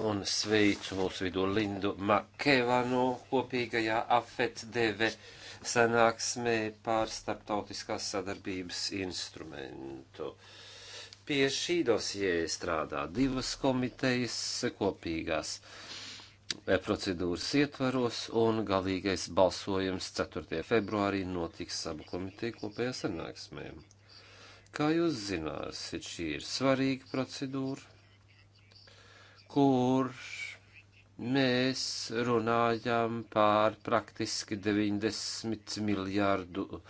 un sveicu mūsu vidū Lindu Makevanu kopīgajā AFET-DV sanāksmē pār starptautiskās sadarbības instrumentu. Pie šī dosie strādā divas komitejas kopīgās eh, procedūras ietvaros, un galīgais balsojums 4. februārī notiks abu komiteju kopējā sanāksmē. Kā jūs zināt, šī ir svarīga procedūra, kur mēs runājam pār praktiski 90 miljārdu uh,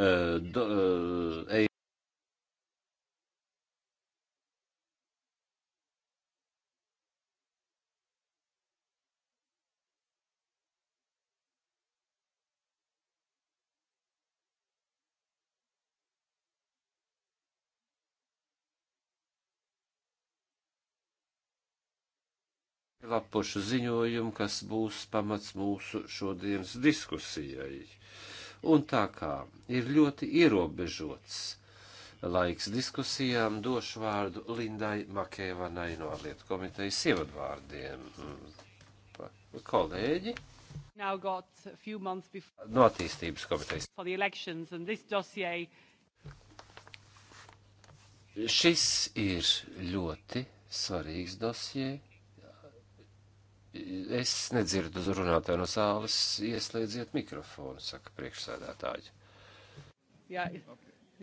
do, uh, eh, eiro. lapušu ziņojumu, kas būs pamats mūsu šodienas diskusijai. Un tā kā ir ļoti ierobežots laiks diskusijām, došu vārdu Lindai Makēvanai no Lietu komitejas ievadvārdiem. Mm, kolēģi! No attīstības komitejas. Šis ir ļoti svarīgs dosie Es nedzirdu runātāju no zāles. Ieslēdziet mikrofonu, saka priekšsēdētāji. Jā,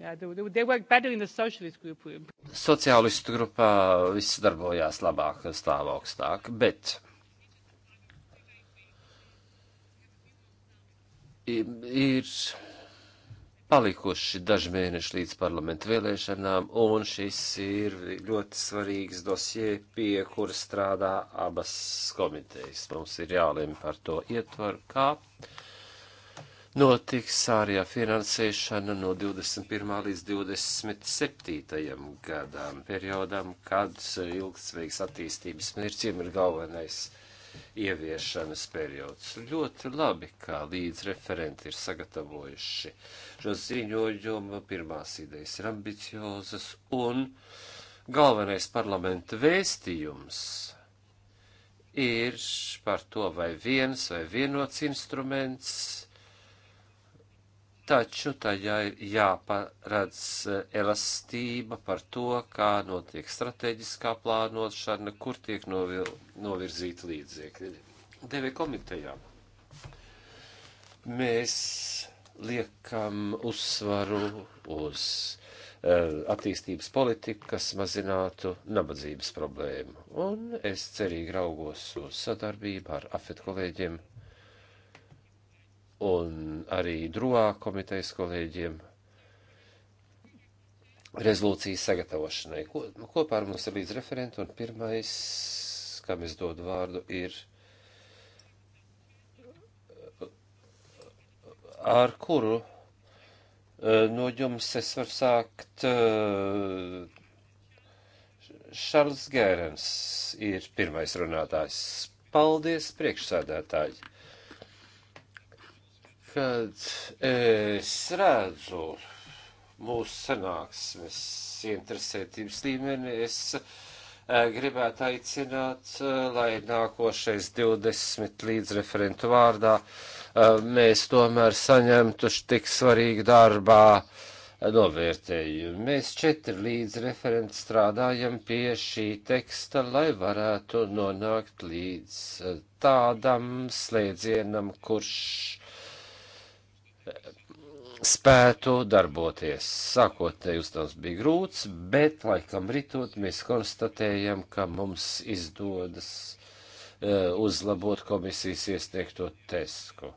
jā, they work better in the socialist group. Sociālistu grupā viss darbojās labāk, stāv augstāk, bet. Ir. ir palikuši daži mēneši līdz parlamentu vēlēšanām, un šis ir ļoti svarīgs dosie, pie kura strādā abas komitejas. Mums ir jālem par to ietvaru, kā notiks ārējā finansēšana no 21. līdz 27. gadām, periodam, kad ilgspējīgas attīstības mērķiem ir galvenais ieviešanas periods. Ļoti labi, kā līdz referenti ir sagatavojuši šo ziņojumu. Pirmās idejas ir ambiciozas un galvenais parlamenta vēstījums ir par to, vai viens vai vienots instruments taču tajā ir jāparedz eh, elastība par to, kā notiek strateģiskā plānošana, kur tiek novil, novirzīti līdzekļi. Deve komitejā mēs liekam uzsvaru uz eh, attīstības politiku, kas mazinātu nabadzības problēmu. Un es cerīgi raugos uz sadarbību ar afet kolēģiem un arī druā komitejas kolēģiem rezolūcijas sagatavošanai. Ko, kopā ar mums ir līdz referenti, un pirmais, kam es dodu vārdu, ir ar kuru eh, no jums es varu sākt. Eh, Šarls Gērens ir pirmais runātājs. Paldies, priekšsēdētāji! Kad es redzu mūsu sanāksmes interesētības līmeni, es eh, gribētu aicināt, eh, lai nākošais 20 līdzreferentu vārdā eh, mēs tomēr saņemtu tik svarīgu darbā novērtējumu. Mēs četri līdzreferenti strādājam pie šī teksta, lai varētu nonākt līdz tādam slēdzienam, kurš spētu darboties. Sākotnēji uzdevums bija grūts, bet laikam ritot mēs konstatējam, ka mums izdodas uh, uzlabot komisijas iesniegto testu.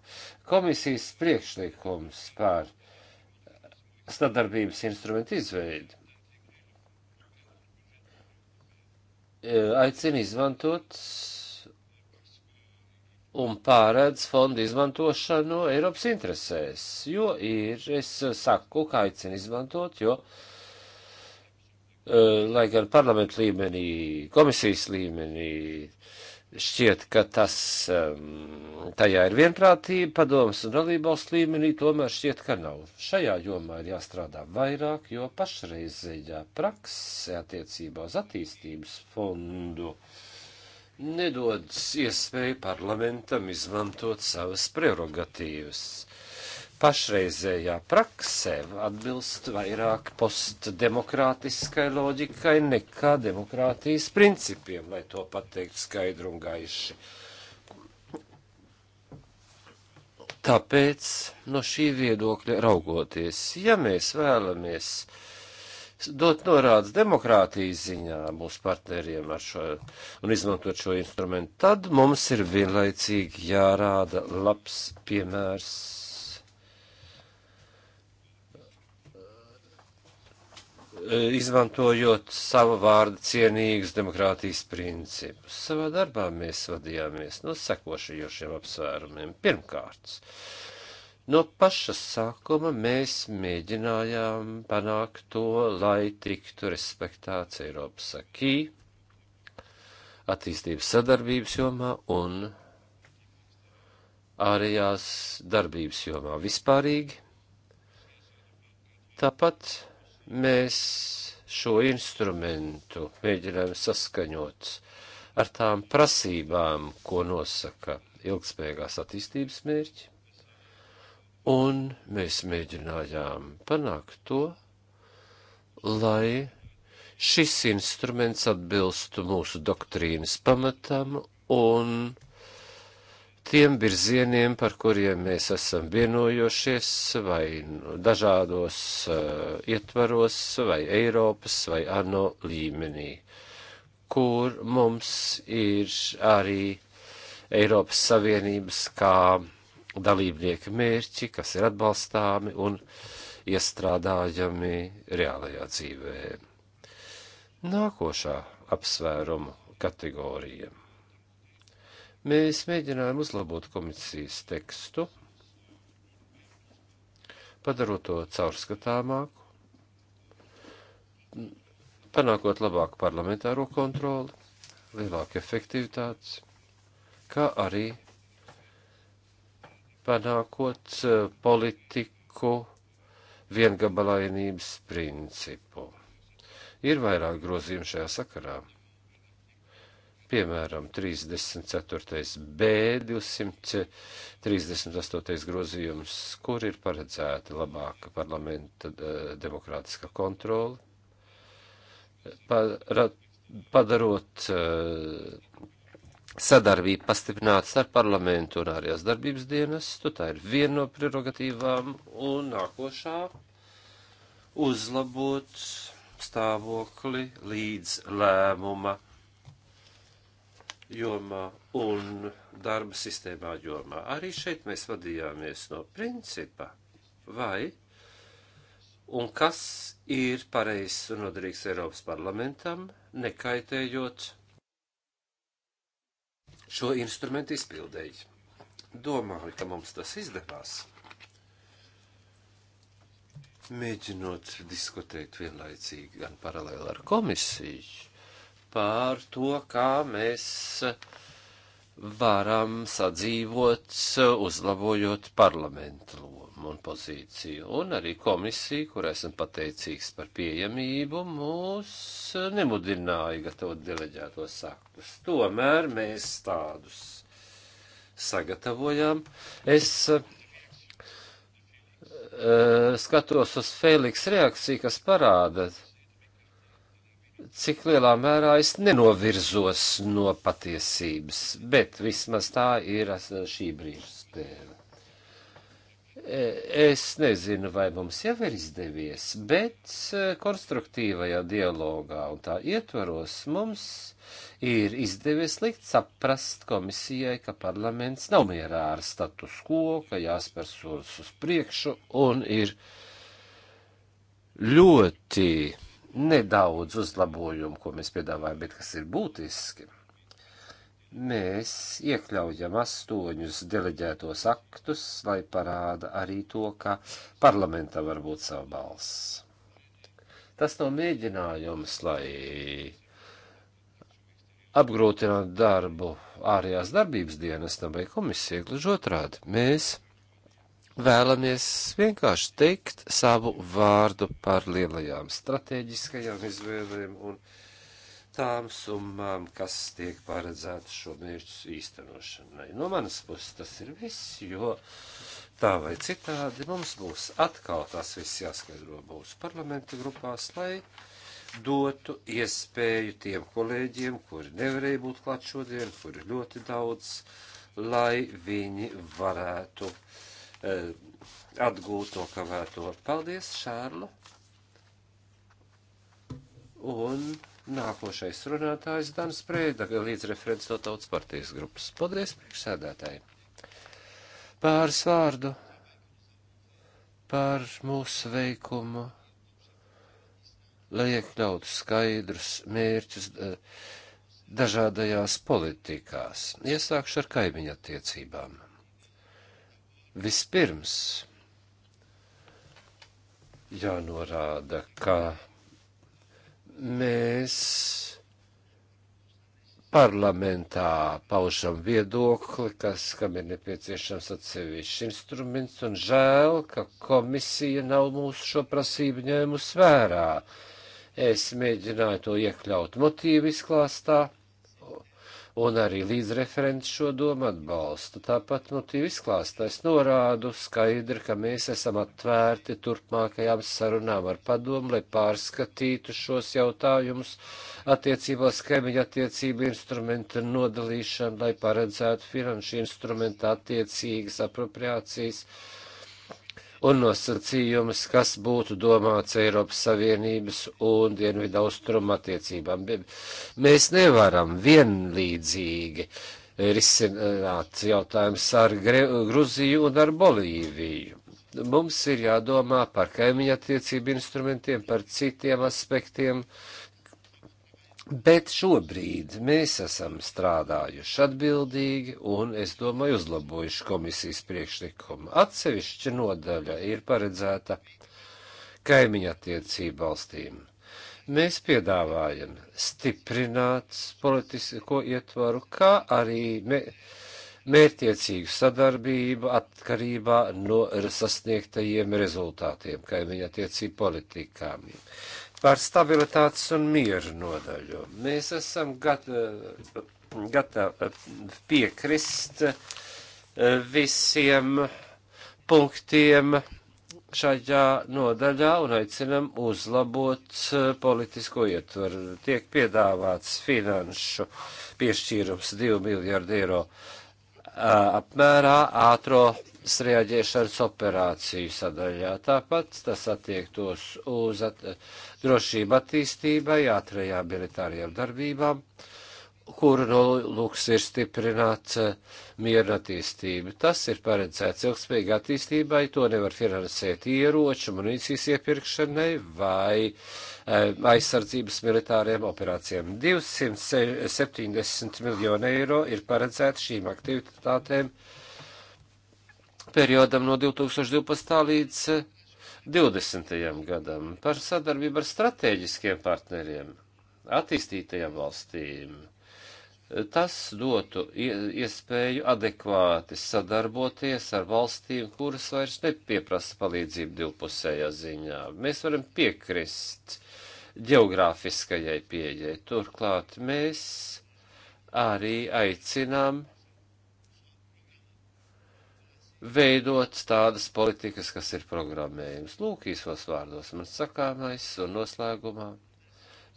Komisijas priekšlikums par sadarbības instrumentu izveidi e, aicina izmantot un pārēdz fondu izmantošanu Eiropas interesēs, jo ir, es saku, kā aicinu izmantot, jo, eh, lai gan parlamentu līmenī, komisijas līmenī, šķiet, ka tas, ehm, tajā ir vienprātība, padomas un dalībvalsts līmenī, tomēr šķiet, ka nav. Šajā jomā ir jāstrādā vairāk, jo pašreizējā prakse attiecībā uz attīstības fondu. Uh, nedod iespēju parlamentam izmantot savas prerogatīvas. Pašreizējā praksē atbilst vairāk postdemokrātiskai loģikai nekā demokrātijas principiem, lai to pateikt skaidru un gaiši. Tāpēc no šī viedokļa raugoties, ja mēs vēlamies uh, dot norādes demokrātijas ziņā mūsu partneriem ar šo un izmantot šo instrumentu, tad mums ir vienlaicīgi jārāda labs piemērs. E, izmantojot savu vārdu cienīgus demokrātijas principus, savā darbā mēs vadījāmies no sekošajošiem apsvērumiem. Pirmkārt, uh, No paša sākuma mēs mēģinājām panākt to, lai tiktu respektēts Eiropas akī attīstības sadarbības jomā un ārējās darbības jomā vispārīgi. Tāpat mēs šo instrumentu mēģinām saskaņot ar tām prasībām, ko nosaka ilgspējīgās attīstības mērķi un mēs mēģinājām panākt to, lai šis instruments atbilstu mūsu doktrīnas pamatam un tiem virzieniem, par kuriem mēs esam vienojušies, vai dažādos uh, ietvaros, vai Eiropas, vai ANO līmenī, kur mums ir arī Eiropas Savienības kā dalībnieka mērķi, kas ir atbalstāmi un iestrādājami reālajā dzīvē. Nākošā apsvērumu kategorija. Mēs mēģinājām uzlabot komisijas tekstu, padarot to caurskatāmāku, panākot labāku parlamentāro kontroli, lielāku efektivitāti, kā arī panākot eh, politiku viengabalainības principu. Ir vairāk grozījumu šajā sakarā. Piemēram, 34. B, 238. grozījums, kur ir paredzēta labāka parlamenta eh, demokrātiska kontrola, eh, padarot sadarbība pastiprināts ar parlamentu un ārējās darbības dienestu. Tā ir viena no prerogatīvām un nākošā uzlabot stāvokli līdz lēmuma jomā un darba sistēmā jomā. Arī šeit mēs vadījāmies no principa vai un kas ir pareizs un noderīgs Eiropas parlamentam, nekaitējot šo instrumentu izpildēji. Domāju, ka mums tas izdevās. Mēģinot diskutēt vienlaicīgi gan paralēli ar komisiju par to, kā mēs varam sadzīvot, uzlabojot parlamentu lomu lēmumu un pozīciju, un arī komisija, kurai esam pateicīgs par pieejamību, mūs nemudināja gatavot deleģētos aktus. Tomēr mēs tādus sagatavojām. Es eh, skatos uz Fēliks reakciju, kas parāda, cik lielā mērā es nenovirzos no patiesības, bet vismaz tā ir šī brīža spēle. Es nezinu, vai mums jau ir izdevies, bet e, konstruktīvajā dialogā un tā ietvaros mums ir izdevies likt saprast komisijai, ka parlaments nav mierā ar status quo, ka jāspēr solis uz priekšu un ir ļoti nedaudz uzlabojumu, ko mēs piedāvājam, bet kas ir būtiski mēs iekļaujam astoņus deleģētos aktus, lai parāda arī to, ka parlamentā var būt sava balss. Tas nav mēģinājums, lai apgrūtinātu darbu ārējās darbības dienestam vai komisijai, gluži otrādi. Mēs vēlamies vienkārši teikt savu vārdu par lielajām stratēģiskajām izvēlēm un izvēlēm tām summām, kas tiek paredzētas šo mērķu īstenošanai. No manas puses tas ir viss, jo tā vai citādi mums būs atkal tas viss jāskaidro mūsu parlamenta grupās, lai dotu iespēju tiem kolēģiem, kuri nevarēja būt klāt šodien, kuri ir ļoti daudz, lai viņi varētu eh, atgūt to kavēto. Paldies, Šārla! Un Nākošais runātājs Dans Prēda, līdzreferents no Tautas partijas grupas. Paldies, priekšsēdētāji! Pāris vārdu par mūsu veikumu, lai iekļautu skaidrus mērķus eh, dažādajās politikās. Iesākšu ar kaimiņa attiecībām. Vispirms jānorāda, ka mēs parlamentā paužam viedokli, kas, kam ir nepieciešams atsevišķs instruments, un žēl, ka komisija nav mūsu šo prasību ņēmus vērā. Es mēģināju to iekļaut motīvu izklāstā, un arī līdzreferents šo domu atbalsta. Tāpat motīvu nu, izklāstais norādu skaidri, ka mēs esam atvērti turpmākajām sarunām ar padomu, lai pārskatītu šos jautājumus attiecībā uz kaimiņu attiecību instrumentu nodalīšanu, lai paredzētu finanšu instrumentu attiecīgas apropriācijas. Uh, un nosacījumus, kas būtu domāts Eiropas Savienības un Dienvidu austrumu attiecībām. Mēs nevaram vienlīdzīgi risināt jautājumus ar Gruziju un ar Bolīviju. Mums ir jādomā par kaimiņa attiecību instrumentiem, par citiem aspektiem. Uh, Bet šobrīd mēs esam strādājuši atbildīgi un, es domāju, uzlabojuši komisijas priekšlikumu. Atsevišķa nodaļa ir paredzēta kaimiņa attiecību valstīm. Mēs piedāvājam stiprināt politisko ietvaru, kā arī mērķiecīgu sadarbību atkarībā no sasniegtajiem rezultātiem kaimiņa attiecību politikām par stabilitātes un mieru nodaļu. Mēs esam eh, gatavi gatav piekrist eh, visiem punktiem šajā nodaļā un aicinam uzlabot eh, politisko ietvaru. Tiek piedāvāts finanšu piešķīrums 2 miljārdu eiro apmērā ātro reaģēšanas operāciju sadaļā. Tāpat tas attiektos uz at drošību attīstībai, ātrajām militārajām darbībām, kuru nolūks ir stiprināt eh, mieru attīstību. Tas ir paredzēts ilgspējīgai attīstībai, to nevar finansēt ieroču, munīcijas iepirkšanai vai eh, aizsardzības militāriem operācijām. 270 miljonu eiro ir paredzēti šīm aktivitātēm periodam no 2012. līdz 2020. Eh, gadam par sadarbību ar strateģiskiem partneriem, attīstītajām valstīm. Tas dotu iespēju adekvāti sadarboties ar valstīm, kuras vairs nepieprasa palīdzību divpusējā ziņā. Mēs varam piekrist geogrāfiskajai pieejai. Turklāt mēs arī aicinām veidot tādas politikas, kas ir programmējums. Lūk, īsos vārdos man sakāmais un noslēgumā.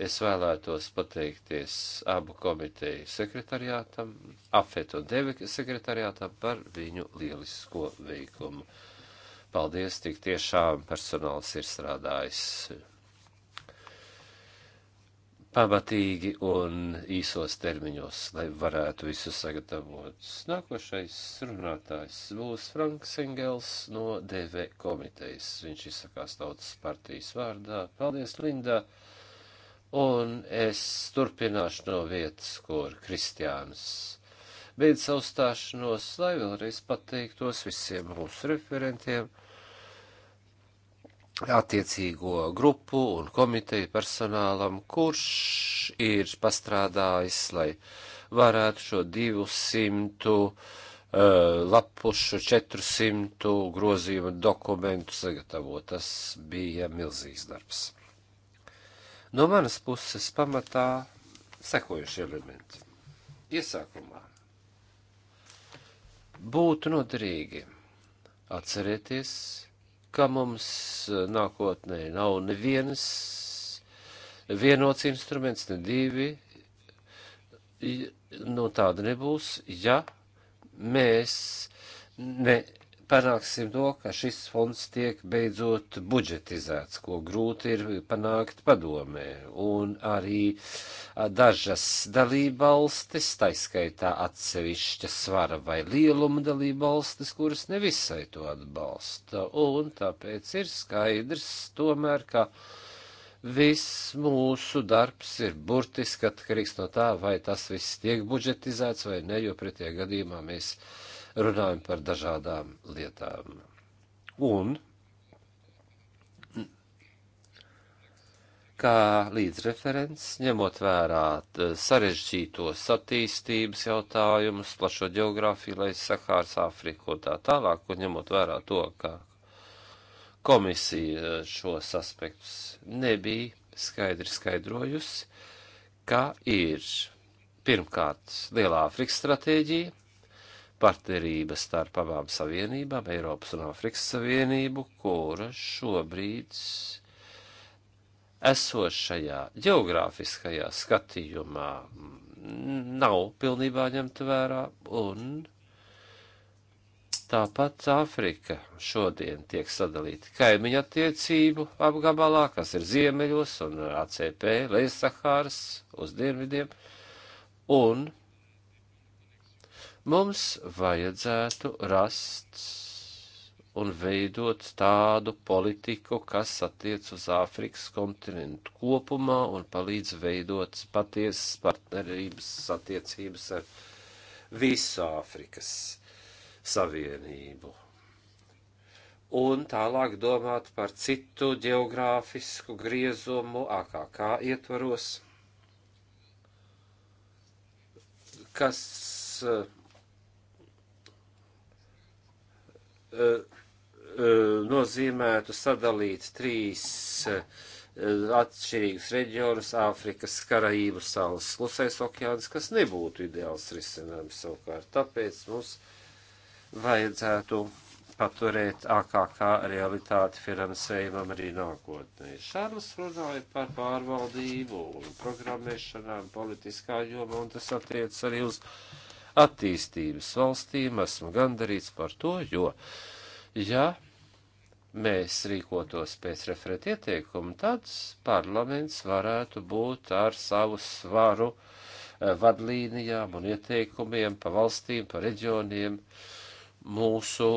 Es vēlētos pateikties abu komiteju sekretariātam, Afet un Devika sekretariātam par viņu lielisko veikumu. Paldies, tik tiešām personāls ir strādājis pamatīgi un īsos termiņos, lai varētu visu sagatavot. Nākošais runātājs būs Franks Engels no DV komitejas. Viņš izsakās tautas partijas vārdā. Paldies, Linda! Un es turpināšu no vietas, kur Kristiāns beidz savu stāšanos, lai vēlreiz pateiktos visiem mūsu referentiem attiecīgo grupu un komiteju personālam, kurš ir pastrādājis, lai varētu šo 200 uh, lapušu, 400 grozījumu dokumentu sagatavot. Tas bija milzīgs darbs. No manas puses pamatā sekojuši elementi. Iesākumā būtu noderīgi atcerēties ka mums eh, nākotnē nav neviens vienots instruments, ne divi. No nu, tāda nebūs, ja mēs ne panāksim to, ka šis fonds tiek beidzot budžetizēts, ko grūti ir panākt padomē. Un arī dažas dalībvalstis, taiskaitā atsevišķa svara vai lieluma dalībvalstis, kuras nevisai to atbalsta. Un tāpēc ir skaidrs tomēr, ka viss mūsu darbs ir burtiski atkarīgs no tā, vai tas viss tiek budžetizēts vai ne, jo pretējā gadījumā mēs runājam par dažādām lietām. Un kā līdzreferents, ņemot vērā sarežģītos attīstības jautājumus, plašo geogrāfiju, lai Sahāras Āfriku un tā tālāk, un ņemot vērā to, ka komisija šos aspektus nebija skaidri skaidrojusi, ka ir pirmkārt Lielā Āfrikas stratēģija, partnerība starp abām savienībām, Eiropas un Afrikas Savienību, kura šobrīd esošajā geogrāfiskajā skatījumā nav pilnībā ņemta vērā, un tāpat Āfrika šodien tiek sadalīta kaimiņa attiecību apgabalā, kas ir ziemeļos un ACP, Leisahāras uz dienvidiem, un Mums vajadzētu rast un veidot tādu politiku, kas attiec uz Āfrikas kontinentu kopumā un palīdz veidot patiesas partnerības attiecības ar visu Āfrikas savienību. Un tālāk domāt par citu geogrāfisku griezumu AKK ietvaros, kas uh, E, e, nozīmētu sadalīt trīs e, atšķirīgus reģionus - Āfrikas, Karaību salas, Klusais okeāns, kas nebūtu ideāls risinājums savukārt. Tāpēc mums vajadzētu paturēt AKK realitāti finansējumam arī nākotnē. Šārls runāja par pārvaldību un programmēšanām politiskā jomā, un tas attiec arī uz. Uh, attīstības valstīm. Esmu gandarīts par to, jo, ja mēs rīkotos pēc referēt ieteikumu, tad parlaments varētu būt ar savu svaru eh, vadlīnijām un ieteikumiem pa valstīm, pa reģioniem mūsu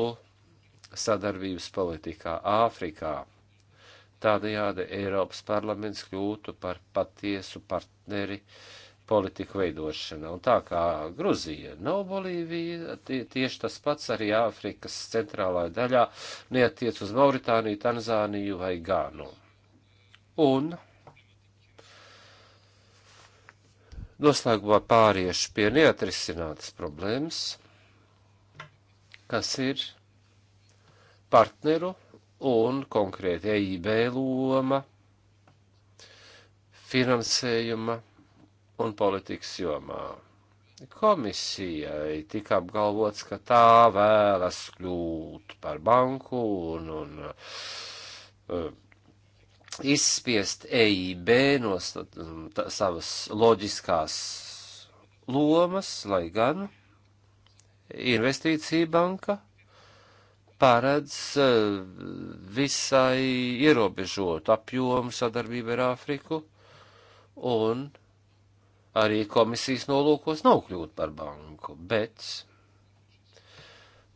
sadarbības politikā Āfrikā. Tādējādi Eiropas parlaments kļūtu par patiesu partneri uh, politiku veidošanā. Un tā kā Gruzija nav Bolīvija, tie, tieši tas pats arī Āfrikas centrālā daļā neatiec uz Mauritāniju, Tanzāniju vai Gānu. Un noslēgumā pāriešu pie neatrisinātas problēmas, kas ir partneru un konkrēti EIB loma, finansējuma un politikas jomā. Komisijai tika apgalvots, ka tā vēlas kļūt par banku un, un uh, izspiest EIB no tā, um, savas loģiskās lomas, lai gan investīcija banka paredz uh, visai ierobežotu apjomu sadarbību ar Āfriku un arī komisijas nolūkos nav kļūt par banku, bet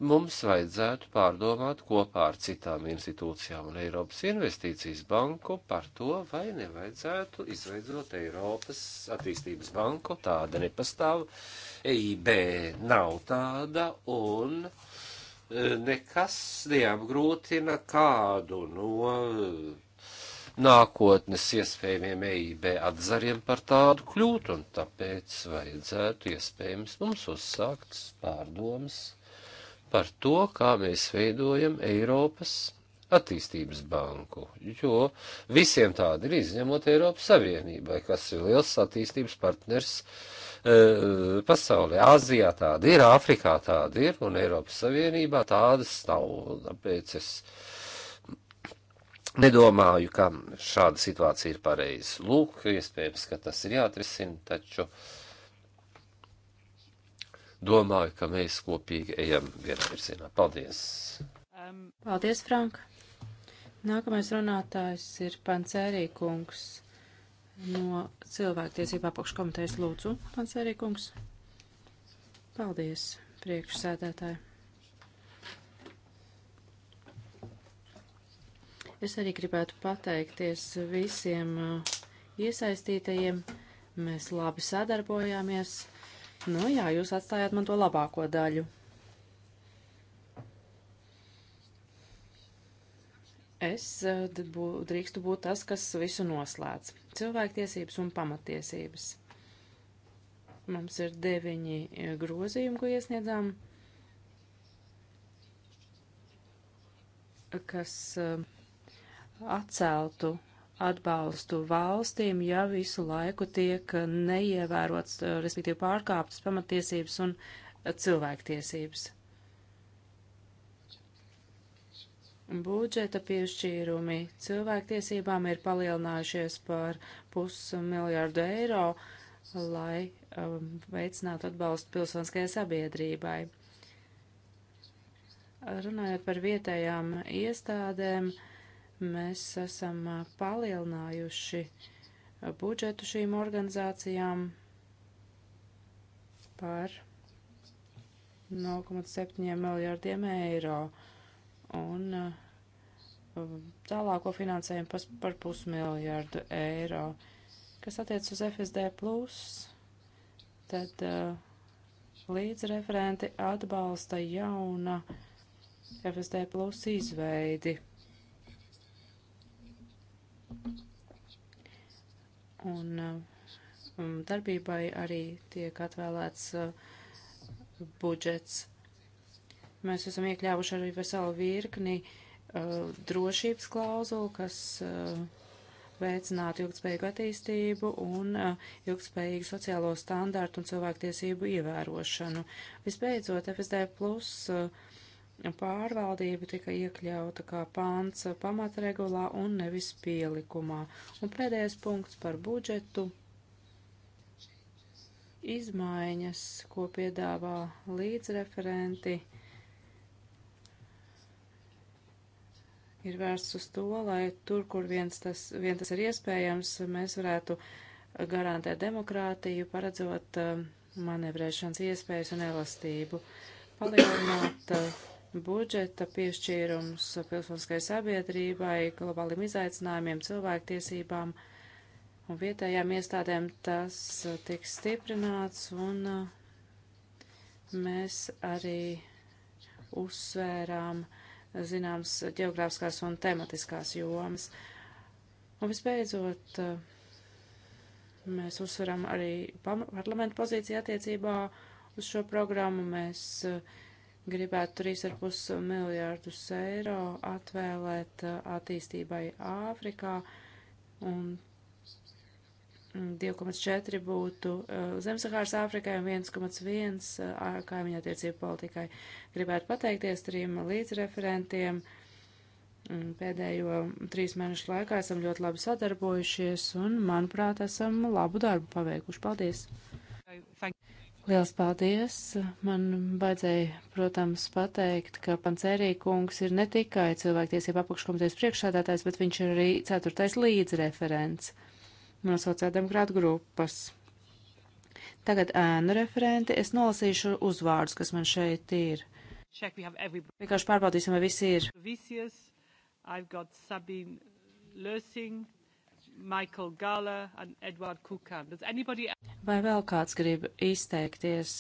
mums vajadzētu pārdomāt kopā ar citām institūcijām un Eiropas investīcijas banku par to, vai nevajadzētu izveidot Eiropas attīstības banku. Tāda nepastāv. EIB nav tāda un e, nekas neapgrūtina kādu no nākotnes iespējamiem EIB atzariem par tādu kļūt, un tāpēc vajadzētu iespējams mums uzsākt pārdomas par to, kā mēs veidojam Eiropas attīstības banku, jo visiem tādi ir izņemot Eiropas Savienībai, kas ir liels attīstības partners e, pasaulē. Āzijā tāda ir, Āfrikā tāda ir, un Eiropas Savienībā tādas nav. Tāpēc es Nedomāju, ka šāda situācija ir pareiza. Lūk, iespējams, ka tas ir jāatrisina, taču domāju, ka mēs kopīgi ejam vienā virzienā. Paldies! Um, Paldies, Frank! Nākamais runātājs ir Pancērī kungs no cilvēktiesība apakškomitejas lūdzu. Pancērī kungs. Paldies, priekšsēdētāji! Es arī gribētu pateikties visiem uh, iesaistītajiem. Mēs labi sadarbojāmies. Nu jā, jūs atstājāt man to labāko daļu. Es uh, drīkstu būt tas, kas visu noslēdz. Cilvēktiesības un pamatiesības. Mums ir deviņi uh, grozījumi, ko iesniedzām, kas uh, atceltu atbalstu valstīm, ja visu laiku tiek neievērots, respektīvi pārkāptas pamatiesības un cilvēktiesības. Budžeta piešķīrumi cilvēktiesībām ir palielinājušies par pusmiljārdu eiro, lai um, veicinātu atbalstu pilsoniskajai sabiedrībai. Runājot par vietējām iestādēm, uh, Mēs esam palielinājuši budžetu šīm organizācijām par 0,7 miljārdiem eiro un tālāko finansējumu par pusmiljārdu eiro. Kas attiec uz FSD, tad līdzreferenti atbalsta jauna FSD izveidi Un um, darbībai arī tiek atvēlēts uh, budžets. Mēs esam iekļāvuši arī veselu virkni uh, drošības klauzulu, kas uh, veicinātu ilgspējīgu attīstību un uh, ilgspējīgu sociālo standārtu un cilvēktiesību ievērošanu. Visbeidzot, FSD plus uh, pārvaldība tika iekļauta kā pāns pamatregulā un nevis pielikumā. Un pēdējais punkts par budžetu. Izmaiņas, ko piedāvā līdzreferenti, ir vērsts uz to, lai tur, kur viens tas, vien tas ir iespējams, mēs varētu garantēt demokrātiju, paredzot um, manevrēšanas iespējas un elastību, palielināt uh, budžeta piešķīrums pilsoniskai sabiedrībai, globāliem izaicinājumiem, cilvēktiesībām un vietējām iestādēm, tas uh, tiks stiprināts un uh, mēs arī uzsvērām zināms geogrāfiskās un tematiskās jomas. Un visbeidzot, uh, mēs uzsveram arī parlamentu pozīciju attiecībā uz šo programmu. Mēs uh, gribētu 3,5 miljārdus eiro atvēlēt uh, attīstībai Āfrikā un 2,4 būtu uh, Zemsahāras Āfrikai un 1,1 uh, kaimiņa attiecību politikai. Gribētu pateikties trim līdzreferentiem. Pēdējo trīs mēnešu laikā esam ļoti labi sadarbojušies un, manuprāt, esam labu darbu paveikuši. Paldies! Liels paldies! Man vajadzēja, protams, pateikt, ka Pancerī kungs ir ne tikai cilvēktiesība apakškomitejas priekšsādātājs, bet viņš ir arī ceturtais līdzreferents no sociāldemokrāta grupas. Tagad ēnu referenti. Es nolasīšu uzvārdus, kas man šeit ir. Check, every... Vienkārši pārbaudīsim, vai visi ir. Vicious, I've got Sabine Lösing, Michael Gala un Edward Kukan. Does anybody... Vai vēl kāds grib izteikties,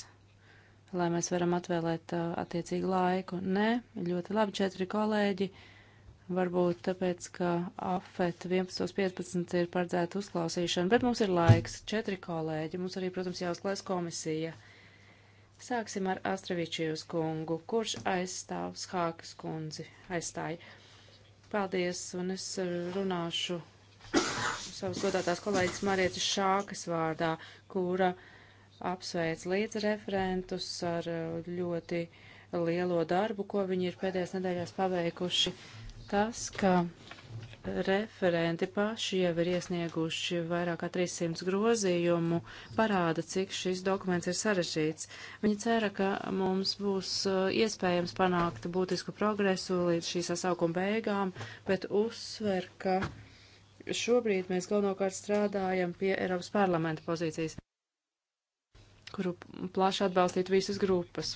lai mēs varam atvēlēt uh, attiecīgu laiku? Nē, ļoti labi, četri kolēģi. Varbūt tāpēc, ka AFET 11.15 ir paredzēta uzklausīšana, bet mums ir laiks, četri kolēģi, mums arī, protams, jāuzklājas komisija. Sāksim ar Astravičijus kungu, kurš aizstāv Skākas kundzi, aizstāja. Paldies, un es uh, runāšu savas godātās kolēģis Marietas Šākas vārdā, kura apsveic līdzreferentus ar uh, ļoti lielo darbu, ko viņi ir pēdējās nedēļās paveikuši. Tas, ka referenti paši jau ir iesnieguši vairāk kā 300 grozījumu, parāda, cik šis dokuments ir sarežģīts. Viņi cera, ka mums būs uh, iespējams panākt būtisku progresu līdz šī sasaukuma beigām, bet uzsver, ka šobrīd mēs galvenokārt strādājam pie Eiropas parlamenta pozīcijas, kuru plaši atbalstīt visas grupas.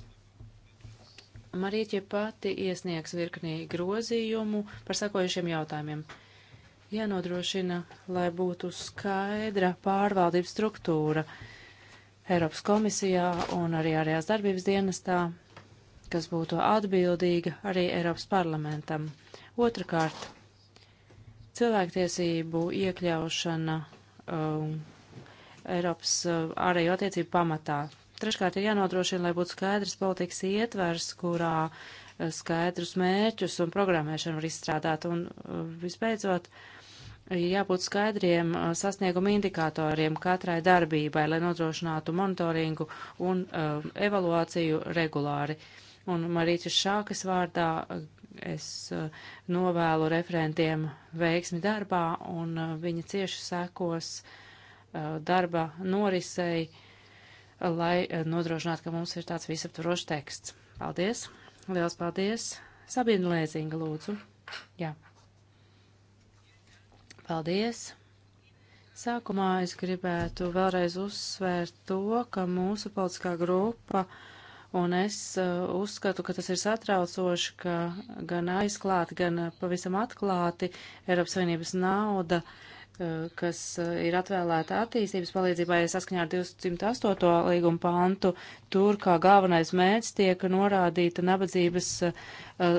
Marīķe pati iesniegs virknī grozījumu par sakojušiem jautājumiem. Jānodrošina, lai būtu skaidra pārvaldības struktūra Eiropas komisijā un arī ārējās darbības dienestā, kas būtu atbildīga arī Eiropas parlamentam. Otrakārt, cilvēktiesību iekļaušana um, Eiropas uh, ārējo attiecību pamatā. Treškārt ir jānodrošina, lai būtu skaidrs politikas ietvers, kurā uh, skaidrus mērķus un programmēšanu var izstrādāt. Un uh, visbeidzot, jābūt skaidriem uh, sasnieguma indikatoriem katrai darbībai, lai nodrošinātu monitoringu un uh, evaluāciju regulāri. Un Marīķis Šākas vārdā Es uh, novēlu referentiem veiksmi darbā un uh, viņa cieši sekos uh, darba norisei, lai nodrošinātu, ka mums ir tāds visaptvarošs teksts. Paldies! Liels paldies! Sabina Lēzinga, lūdzu. Jā. Paldies! Sākumā es gribētu vēlreiz uzsvērt to, ka mūsu politiskā grupa uh, Un es uh, uzskatu, ka tas ir satraucoši, ka gan aizklāti, gan uh, pavisam atklāti Eiropas Savienības nauda uh, kas ir atvēlēta attīstības palīdzībai saskaņā ar 208. līguma pantu, tur kā galvenais mērķis tiek norādīta nabadzības uh,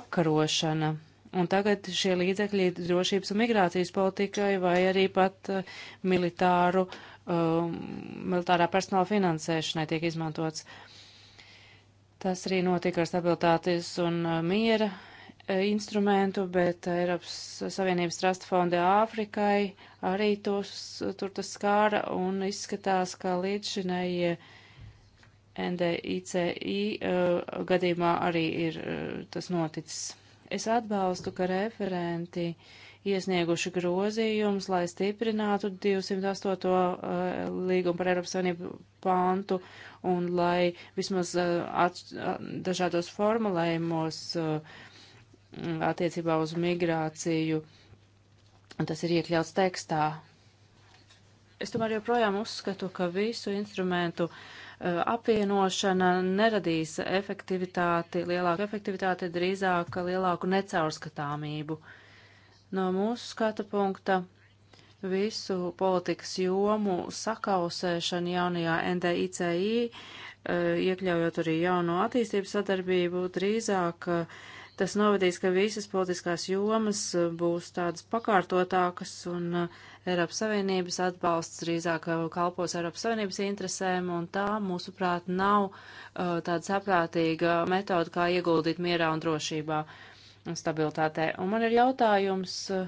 apkarošana. Un tagad šie līdzekļi ir drošības un migrācijas politikai vai arī pat uh, militāru, uh, militārā personāla finansēšanai tiek izmantots. Uh, Tas arī notika ar stabilitātes un uh, miera uh, instrumentu, bet uh, Eiropas Savienības Trust fonde Āfrikai arī tos, tur tas skāra un izskatās, ka līdzšinējie NDICI uh, gadījumā arī ir uh, tas noticis. Es atbalstu, ka referenti uh, iesnieguši grozījumus, lai stiprinātu 208. Eh, līgumu par Eiropas Savienību pantu un lai vismaz eh, at, dažādos formulējumos eh, attiecībā uz migrāciju tas ir iekļauts tekstā. Es tomēr joprojām uzskatu, ka visu instrumentu apvienošana neradīs efektivitāti, lielāku efektivitāti, drīzāk lielāku necaurskatāmību. Uh, No mūsu skata punkta visu politikas jomu sakausēšana jaunajā NDICI, eh, iekļaujot arī jauno attīstības sadarbību, drīzāk eh, tas novadīs, ka visas politiskās jomas eh, būs tādas pakārtotākas un Eiropas Savienības atbalsts drīzāk kalpos Eiropas Savienības interesēm, un tā, mūsuprāt, nav tāda saprātīga metoda, kā ieguldīt mierā un drošībā. Uh, un stabilitātē. Un man ir jautājums uh,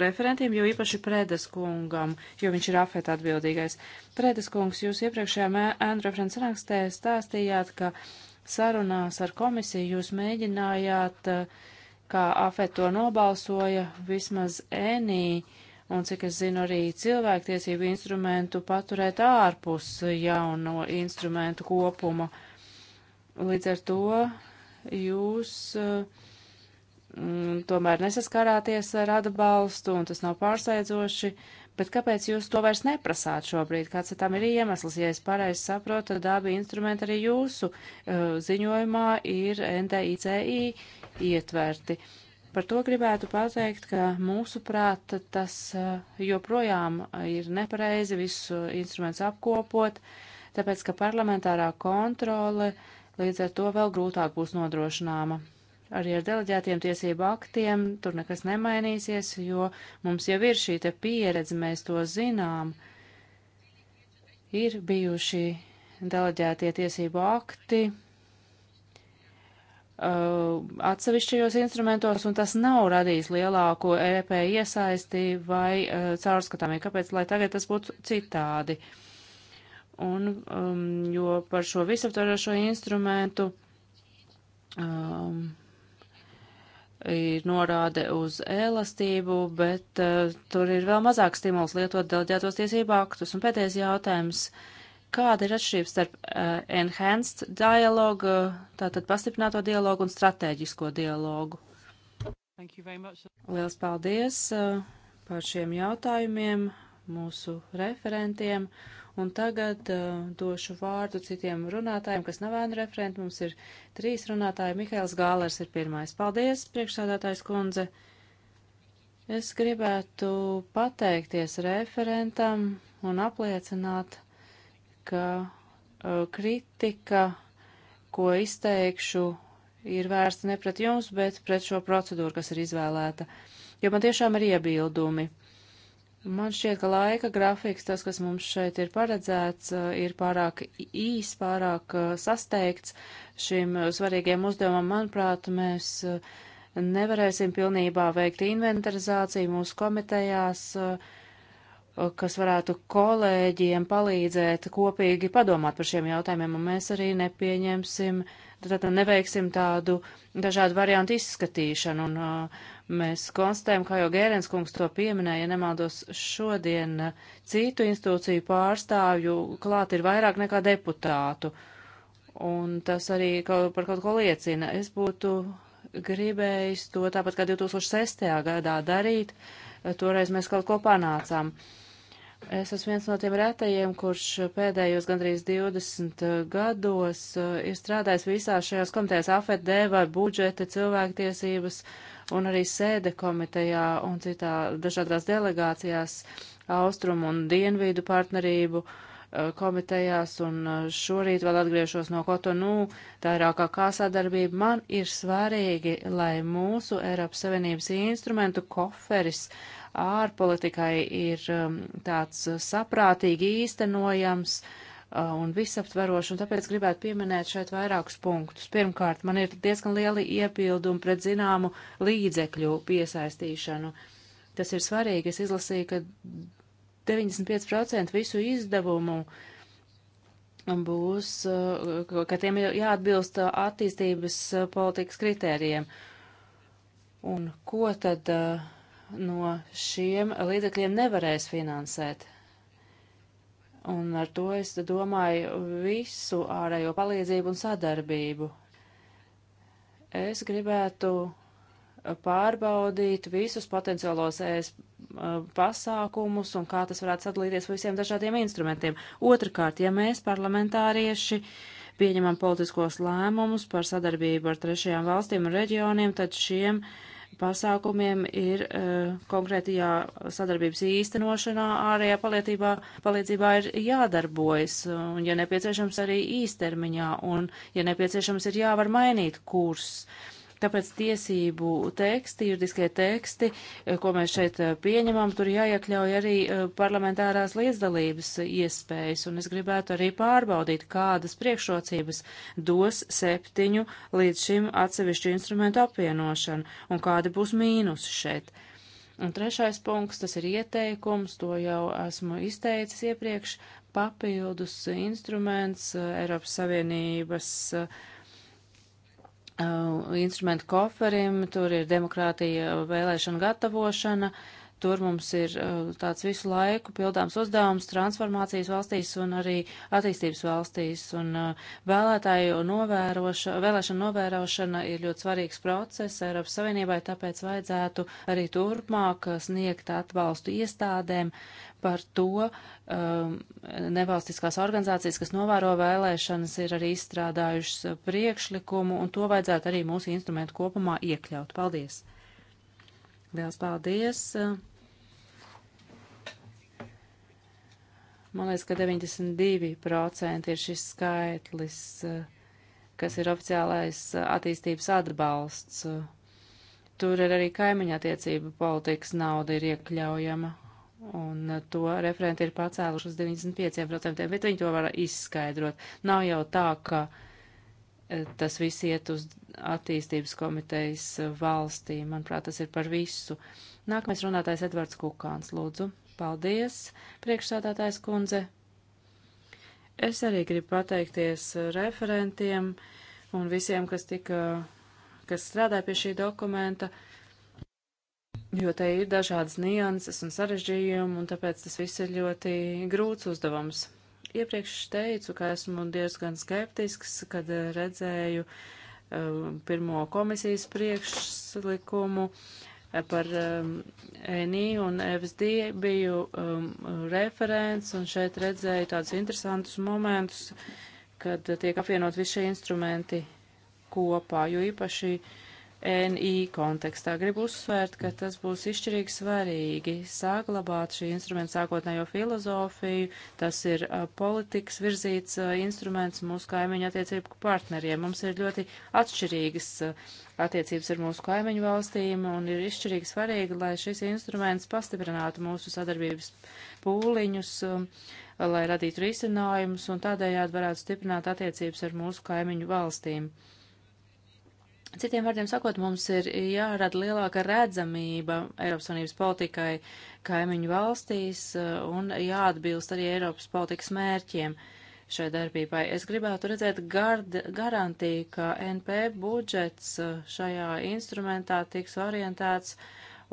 referentiem, jo īpaši Prēdes kungam, jo viņš ir afet atbildīgais. Prēdes kungs, jūs iepriekšējā ēnu referents rakstē stāstījāt, ka sarunās ar komisiju jūs mēģinājāt, uh, kā afet to nobalsoja, vismaz ēnī, un cik es zinu, arī cilvēktiesību instrumentu paturēt ārpus jauno instrumentu kopuma. Līdz ar to jūs uh, tomēr nesaskarāties ar atbalstu, un tas nav pārsteidzoši. Bet kāpēc jūs to vairs neprasāt šobrīd? Kāds tam ir iemesls? Ja es pareizi saprotu, tad abi instrumenti arī jūsu uh, ziņojumā ir NDICI ietverti. Par to gribētu pateikt, ka mūsuprāt tas uh, joprojām ir nepareizi visu instrumentus apkopot, tāpēc ka parlamentārā kontrole līdz ar to vēl grūtāk būs nodrošināma arī ar deleģētiem tiesību aktiem, tur nekas nemainīsies, jo mums jau ir šī te pieredze, mēs to zinām. Ir bijuši deleģētie tiesību akti uh, atsevišķajos instrumentos, un tas nav radījis lielāko EP iesaisti vai uh, caurskatāmību. Kāpēc, lai tagad tas būtu citādi? Un, um, jo par šo visaptvarošo instrumentu um, ir norāde uz ēlastību, bet uh, tur ir vēl mazāk stimuls lietot delģētos tiesību aktus. Un pēdējais jautājums. Kāda ir atšķirība starp uh, enhanced dialogu, tātad pastiprināto dialogu un strateģisko dialogu? Lielas paldies uh, par šiem jautājumiem mūsu referentiem. Uh, Un tagad uh, došu vārdu citiem runātājiem, kas nav ēnu referenti. Mums ir trīs runātāji. Mihails Gālers ir pirmais. Paldies, priekšsādātājs kundze. Es gribētu pateikties referentam un apliecināt, ka uh, kritika, ko izteikšu, ir vērsta ne pret jums, bet pret šo procedūru, kas ir izvēlēta. Jo man tiešām ir iebildumi. Man šķiet, ka laika grafiks, tas, kas mums šeit ir paredzēts, eh, ir pārāk īs, pārāk eh, sasteigts šim eh, svarīgiem uzdevumam. Manuprāt, mēs nevarēsim pilnībā veikt inventarizāciju mūsu komitejās, kas varētu kolēģiem palīdzēt kopīgi padomāt par šiem jautājumiem, un mēs arī nepieņemsim, tad neveiksim tādu dažādu variantu izskatīšanu. Un, uh, Mēs konstatējam, kā jau Gērens kungs to pieminēja, nemaldos šodien citu institūciju pārstāvju klāt ir vairāk nekā deputātu. Un tas arī kaut, par kaut ko liecina. Es būtu gribējis to tāpat kā 2006. gadā darīt, toreiz mēs kaut ko panācām. Uh, Es esmu viens no tiem retajiem, kurš pēdējos gandrīz 20 eh, gados eh, ir strādājis visās šajās komitejās AFED, vai budžeta, cilvēktiesības un arī sēde komitejā un citā dažādās delegācijās austrumu un dienvīdu partnerību. Uh, Eh, komitejās, un eh, šorīt vēl atgriežos no Kotonu, tā ir ārkārtā sadarbība. Man ir svarīgi, lai mūsu Eiropas Savienības instrumentu koferis ārpolitikai ir um, tāds eh, saprātīgi īstenojams un visaptveroši, un tāpēc gribētu pieminēt šeit vairākus punktus. Pirmkārt, man ir diezgan lieli iepildumi pret zināmu līdzekļu piesaistīšanu. Tas ir svarīgi. Es izlasīju, ka 95% visu izdevumu būs, eh, ka tiem jāatbilst eh, attīstības eh, politikas kritērijiem. Un ko tad no šiem līdzekļiem nevarēs finansēt? Un ar to es domāju visu ārējo palīdzību un sadarbību. Es gribētu pārbaudīt visus potenciālos ES Eh, pasākumus un kā tas varētu sadalīties visiem dažādiem instrumentiem. Otrakārt, ja mēs parlamentārieši pieņemam politiskos lēmumus par sadarbību ar trešajām valstīm un reģioniem, tad šiem pasākumiem ir uh, eh, konkrētajā sadarbības īstenošanā ārējā palietībā, palīdzībā ir jādarbojas, un, ja nepieciešams, arī īstermiņā, un, ja nepieciešams, ir jāvar mainīt kurs. Uh, Tāpēc tiesību teksti, juridiskie teksti, eh, ko mēs šeit eh, pieņemam, tur jāiekļauj arī eh, parlamentārās līdzdalības iespējas, un es gribētu arī pārbaudīt, kādas priekšrocības dos septiņu līdz šim atsevišķu instrumentu apvienošana, un kādi būs mīnusi šeit. Un trešais punkts, tas ir ieteikums, to jau esmu izteicis iepriekš, papildus instruments Eiropas Savienības uh, Uh, instrumentu koferim, tur ir demokrātija, vēlēšana gatavošana. Uh, Tur mums ir uh, tāds visu laiku pildāms uzdevums transformācijas valstīs un arī attīstības valstīs. Un uh, vēlētāju novēroša, vēlēšana novērošana ir ļoti svarīgs process Eiropas Savienībai, tāpēc vajadzētu arī turpmāk uh, sniegt atbalstu iestādēm par to. Um, nevalstiskās organizācijas, kas novēro vēlēšanas, ir arī izstrādājušas priekšlikumu, un to vajadzētu arī mūsu instrumentu kopumā iekļaut. Paldies! Liels paldies! Uh, Man liekas, ka 92% ir šis skaitlis, eh, kas ir oficiālais eh, attīstības atbalsts. Tur ir arī kaimiņa attiecība politikas nauda ir iekļaujama, Un eh, to referenti ir pacēluši uz 95%, bet viņi to var izskaidrot. Nav jau tā, ka tas viss iet uz attīstības komitejas valstī. Manuprāt, tas ir par visu. Nākamais runātājs Edvards Kukāns, lūdzu. Paldies, priekšsādātājs kundze. Es arī gribu pateikties uh, referentiem un visiem, kas tika, kas strādāja pie šī dokumenta, jo te ir dažādas nianses un sarežģījumi, un tāpēc tas viss ir ļoti grūts uzdevums. Iepriekš teicu, ka esmu diezgan skeptisks, kad uh, redzēju uh, pirmo komisijas priekšlikumu. Uh, par um, ENI un FSD biju um, referents, un šeit redzēju tādus interesantus momentus, kad tiek apvienot visi šie instrumenti kopā, jo īpaši uh, NI kontekstā. Gribu uzsvērt, ka tas būs izšķirīgi svarīgi saglabāt šī instrumenta sākotnējo filozofiju. Tas ir uh, politikas virzīts uh, instruments mūsu kaimiņu attiecību partneriem. Mums ir ļoti atšķirīgas uh, attiecības ar mūsu kaimiņu valstīm un ir izšķirīgi svarīgi, lai šis instruments pastiprinātu mūsu sadarbības pūliņus, lai radītu risinājumus un tādējādi varētu stiprināt attiecības ar mūsu kaimiņu valstīm. Citiem vārdiem sakot, mums ir jārada lielāka redzamība Eiropas Savienības politikai kaimiņu valstīs eh, un jāatbilst arī Eiropas politikas mērķiem šai darbībai. Es gribētu redzēt gard, garantiju, ka NP budžets eh, šajā instrumentā tiks orientēts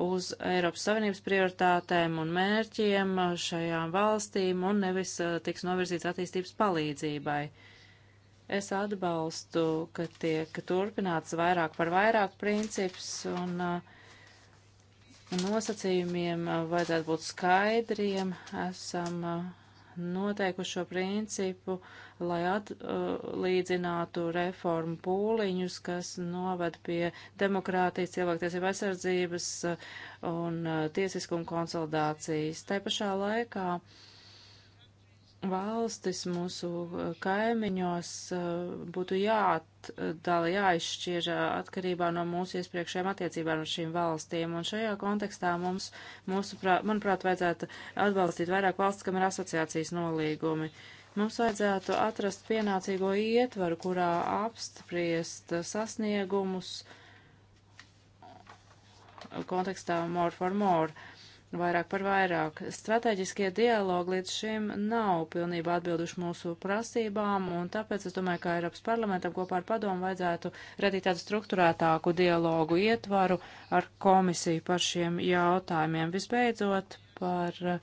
uz Eiropas Savienības prioritātēm un mērķiem eh, šajām valstīm un nevis tiks novirzīts attīstības palīdzībai. Uh, Es atbalstu, ka tiek turpināts vairāk par vairāk princips un uh, nosacījumiem uh, vajadzētu būt skaidriem. Esam uh, noteikuši šo principu, lai atlīdzinātu reformu pūliņus, kas noved pie demokrātijas, cilvēktiesība aizsardzības un tiesiskuma konsolidācijas. Te pašā laikā uh, valstis mūsu uh, kaimiņos uh, būtu jāatdala, jāizšķir uh, atkarībā no mūsu iepriekšējām attiecībām ar šīm valstīm. Un šajā kontekstā mums, mūsu, prā, manuprāt, vajadzētu atbalstīt vairāk valsts, kam ir asociācijas nolīgumi. Mums vajadzētu atrast pienācīgo ietvaru, kurā apspriest sasniegumus kontekstā more for more vairāk par vairāk. Strateģiskie dialogi līdz šim nav pilnībā atbilduši mūsu prasībām, un tāpēc es domāju, ka Eiropas parlamentam kopā ar padomu vajadzētu radīt tādu struktūrētāku dialogu ietvaru ar komisiju par šiem jautājumiem. Visbeidzot, par uh,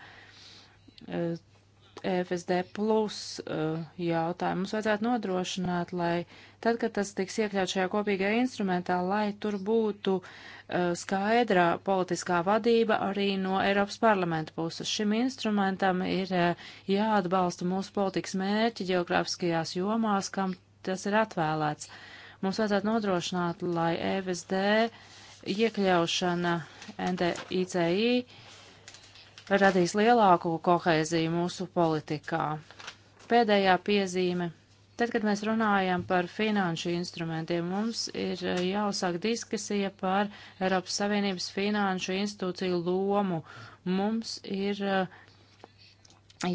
FSD plus eh, jautājumu. Mums vajadzētu nodrošināt, lai tad, kad tas tiks iekļaut šajā kopīgajā instrumentā, lai tur būtu eh, skaidrā politiskā vadība arī no Eiropas parlamenta puses. Šim instrumentam ir eh, jāatbalsta mūsu politikas mērķi geogrāfiskajās jomās, kam tas ir atvēlēts. Mums vajadzētu nodrošināt, lai FSD iekļaušana NDICI radīs lielāku kohēziju mūsu politikā. Pēdējā piezīme. Tad, kad mēs runājam par finanšu instrumentiem, mums ir jāuzsāk diskusija par Eiropas Savienības finanšu institūciju lomu. Mums ir eh,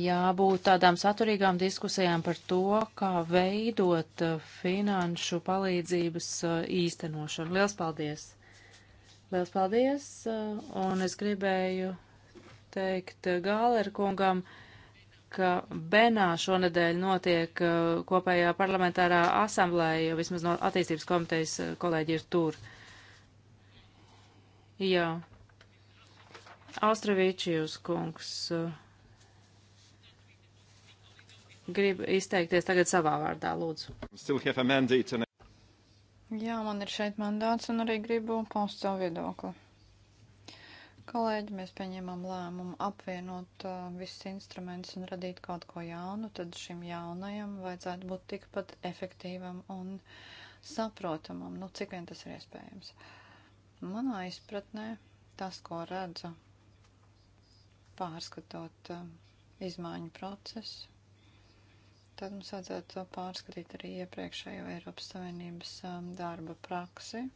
jābūt tādām saturīgām diskusijām par to, kā veidot eh, finanšu palīdzības eh, īstenošanu. Liels paldies! Liels paldies! Un es gribēju teikt eh, Gālerkungam, ka Benā šonedēļ notiek eh, kopējā parlamentārā asamblēja, jo vismaz no attīstības komitejas eh, kolēģi ir tur. Jā. Austravīčijus kungs grib izteikties tagad savā vārdā, lūdzu. Jā, man ir šeit mandāts un arī gribu paust savu viedokli kolēģi, mēs pieņēmām lēmumu apvienot uh, visus instrumentus un radīt kaut ko jaunu, tad šim jaunajam vajadzētu būt tikpat efektīvam un saprotamam, nu cik vien tas ir iespējams. Manā izpratnē tas, ko redzu, pārskatot uh, izmaiņu procesu, tad mums vajadzētu pārskatīt arī iepriekšējo Eiropas Savienības um, darba praksi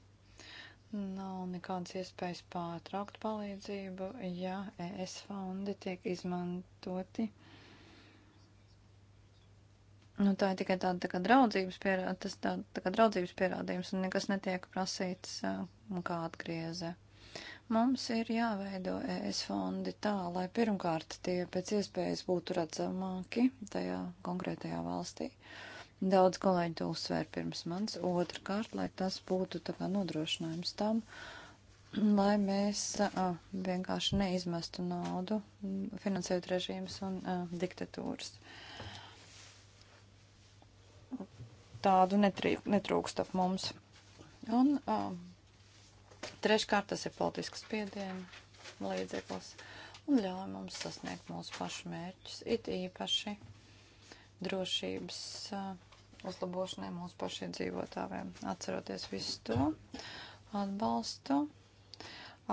Nav nekādas iespējas pārtraukt palīdzību, ja ES fondi tiek izmantoti. Nu, tā ir tikai tāda tā kā draudzības, pierā, tas, tā, tā kā draudzības pierādījums, un nekas netiek prasīts kā atgrieze. Mums ir jāveido ES fondi tā, lai pirmkārt tie pēc iespējas būtu redzamāki tajā konkrētajā valstī. Uh, Daudz kolēģi to uzsvēra pirms mans. Otrakārt, lai tas būtu tā kā nodrošinājums tam, lai mēs a, vienkārši neizmestu naudu, finansējot režīmus un a, diktatūras. Tādu netrīk, netrūkst ap mums. Un a, treškārt, tas ir politisks spiediens līdzeklis un ļauj mums sasniegt mūsu pašu mērķus, it īpaši drošības uh, uzlabošanai mūsu pašiem dzīvotājiem. Atceroties visu to, atbalstu,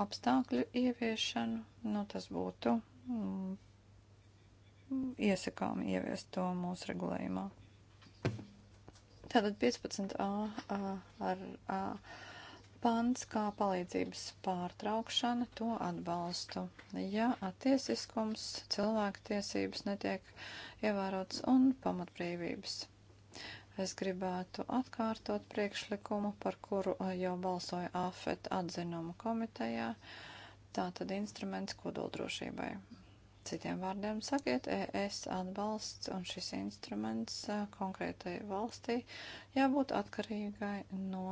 apstākļu ieviešanu, nu tas būtu mm, iesakām ieviest to mūsu regulējumā. Tātad 15a ar a, pants kā palīdzības pārtraukšana, to atbalstu. Ja tiesiskums, cilvēku tiesības netiek ievērots un pamatbrīvības Es gribētu atkārtot priekšlikumu, par kuru eh, jau balsoja AFET atzinuma komitejā. Tā tad instruments kodoldrošībai. Citiem vārdiem sakiet, ES atbalsts un šis instruments eh, konkrētai valstī jābūt atkarīgai no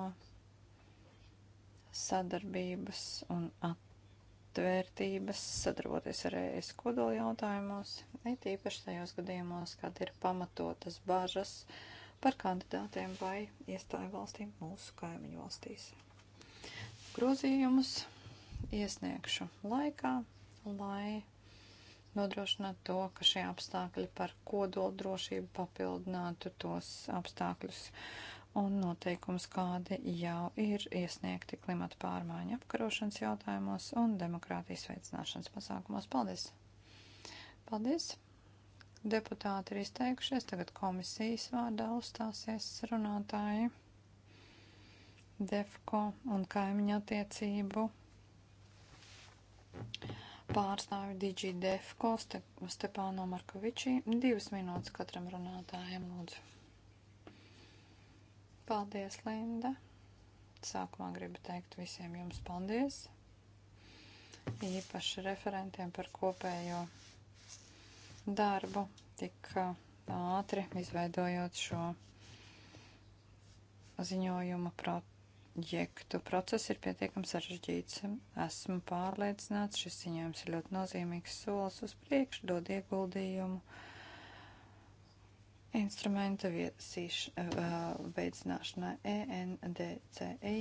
sadarbības un atvērtības, sadarboties ar ES kodola jautājumos, it īpaši tajos gadījumos, kad ir pamatotas bažas, uh, par kandidātiem vai iestāju valstīm mūsu kaimiņu valstīs. Grozījumus iesniegšu laikā, lai nodrošinātu to, ka šie apstākļi par kodolu drošību papildinātu tos apstākļus un noteikums, kādi jau ir iesniegti klimata pārmaiņu apkarošanas jautājumos un demokrātijas veicināšanas pasākumos. Paldies! Paldies! Deputāti ir izteikušies, tagad komisijas vārdā uzstāsies runātāji. Defko un kaimiņa attiecību pārstāvi Digi Defko Ste Stepāno Markovičī. Divas minūtes katram runātājam lūdzu. Paldies, Linda. Sākumā gribu teikt visiem jums paldies. Īpaši referentiem par kopējo darbu tik ātri izveidojot šo ziņojuma projektu. Process ir pietiekami sarežģīts. Esmu pārliecināts, šis ziņojums ir ļoti nozīmīgs solis uz priekšu, dod ieguldījumu instrumenta viesīš, beidzināšanai ENDCI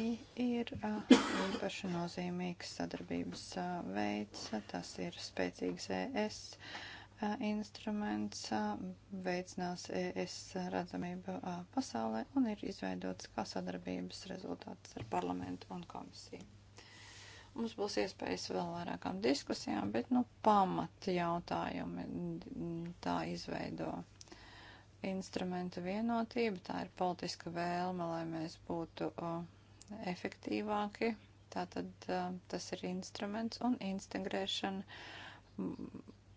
ir īpaši nozīmīgs sadarbības veids. Tas ir spēcīgs ES instruments veicinās ES redzamību pasaulē un ir izveidots kā sadarbības rezultāts ar parlamentu un komisiju. Mums būs iespējas vēl vairākām diskusijām, bet nu, pamata jautājumi mm, tā izveido instrumenta vienotība, tā ir politiska vēlme, lai mēs būtu uh, efektīvāki. Tātad uh, tas ir instruments un integrēšana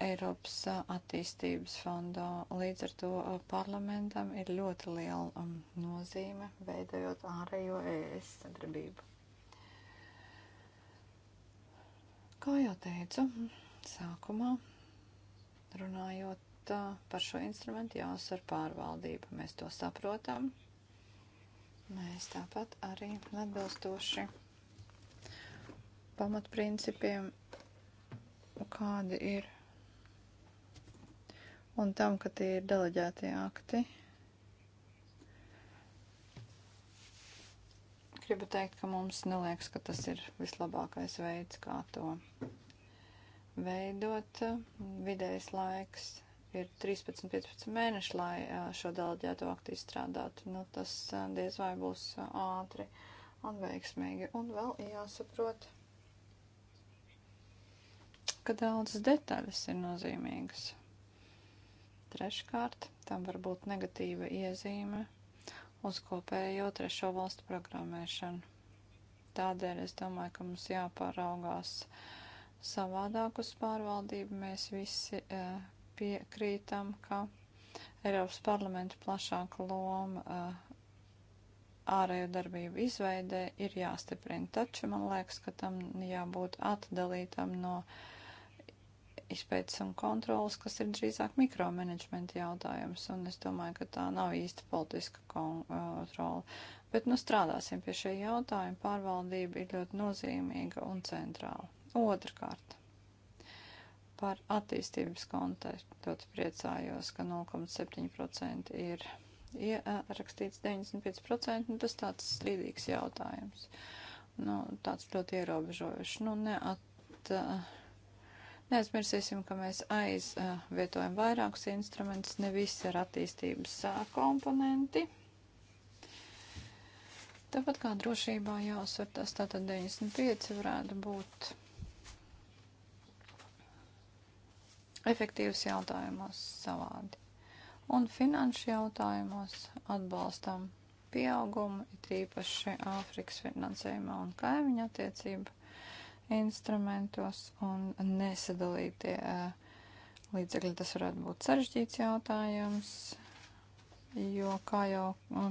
Eiropas attīstības fondā. Līdz ar to parlamentam ir ļoti liela nozīme veidojot ārējo ES sadarbību. Kā jau teicu, sākumā runājot par šo instrumentu jāuzsver pārvaldība. Mēs to saprotam. Mēs tāpat arī atbilstoši pamatprincipiem kādi ir un tam, ka tie ir deleģētie akti. Gribu teikt, ka mums neliekas, ka tas ir vislabākais veids, kā to veidot. Vidējais laiks ir 13-15 mēneši, lai šo deleģēto aktu izstrādātu. Nu, tas diez vai būs ātri un veiksmīgi. Un vēl jāsaprot, ka daudzas detaļas ir nozīmīgas. Treškārt, tam var būt negatīva iezīme uz kopējo trešo valstu programmēšanu. Tādēļ es domāju, ka mums jāpāraugās savādāk uz pārvaldību. Mēs visi e, piekrītam, ka Eiropas parlamenta plašāka loma e, ārējo darbību izveidē ir jāstiprina. Taču man liekas, ka tam jābūt atdalītam no. E, izpētes un kontrolas, kas ir drīzāk mikromanagementa jautājums, un es domāju, ka tā nav īsta politiska kontrola. Bet, nu, strādāsim pie šī jautājuma, pārvaldība ir ļoti nozīmīga un centrāla. Otrakārt, par attīstības kontekstu ļoti priecājos, ka 0,7% ir ierakstīts 95%, un nu, tas tāds strīdīgs jautājums. Nu, tāds ļoti ierobežojuši. Nu, neat, uh, Neaizmirsīsim, ka mēs aizvietojam vairākus instrumentus, ne visi ir attīstības komponenti. Tāpat kā drošībā jāuzsver tas, tātad 95 varētu būt efektīvs jautājumos savādi. Un finanšu jautājumos atbalstam pieaugumu, it īpaši Āfrikas finansējumā un kaimiņa attiecību instrumentos un nesadalītie eh, līdzekļi. Tas varētu būt sarežģīts jautājums, jo kā jau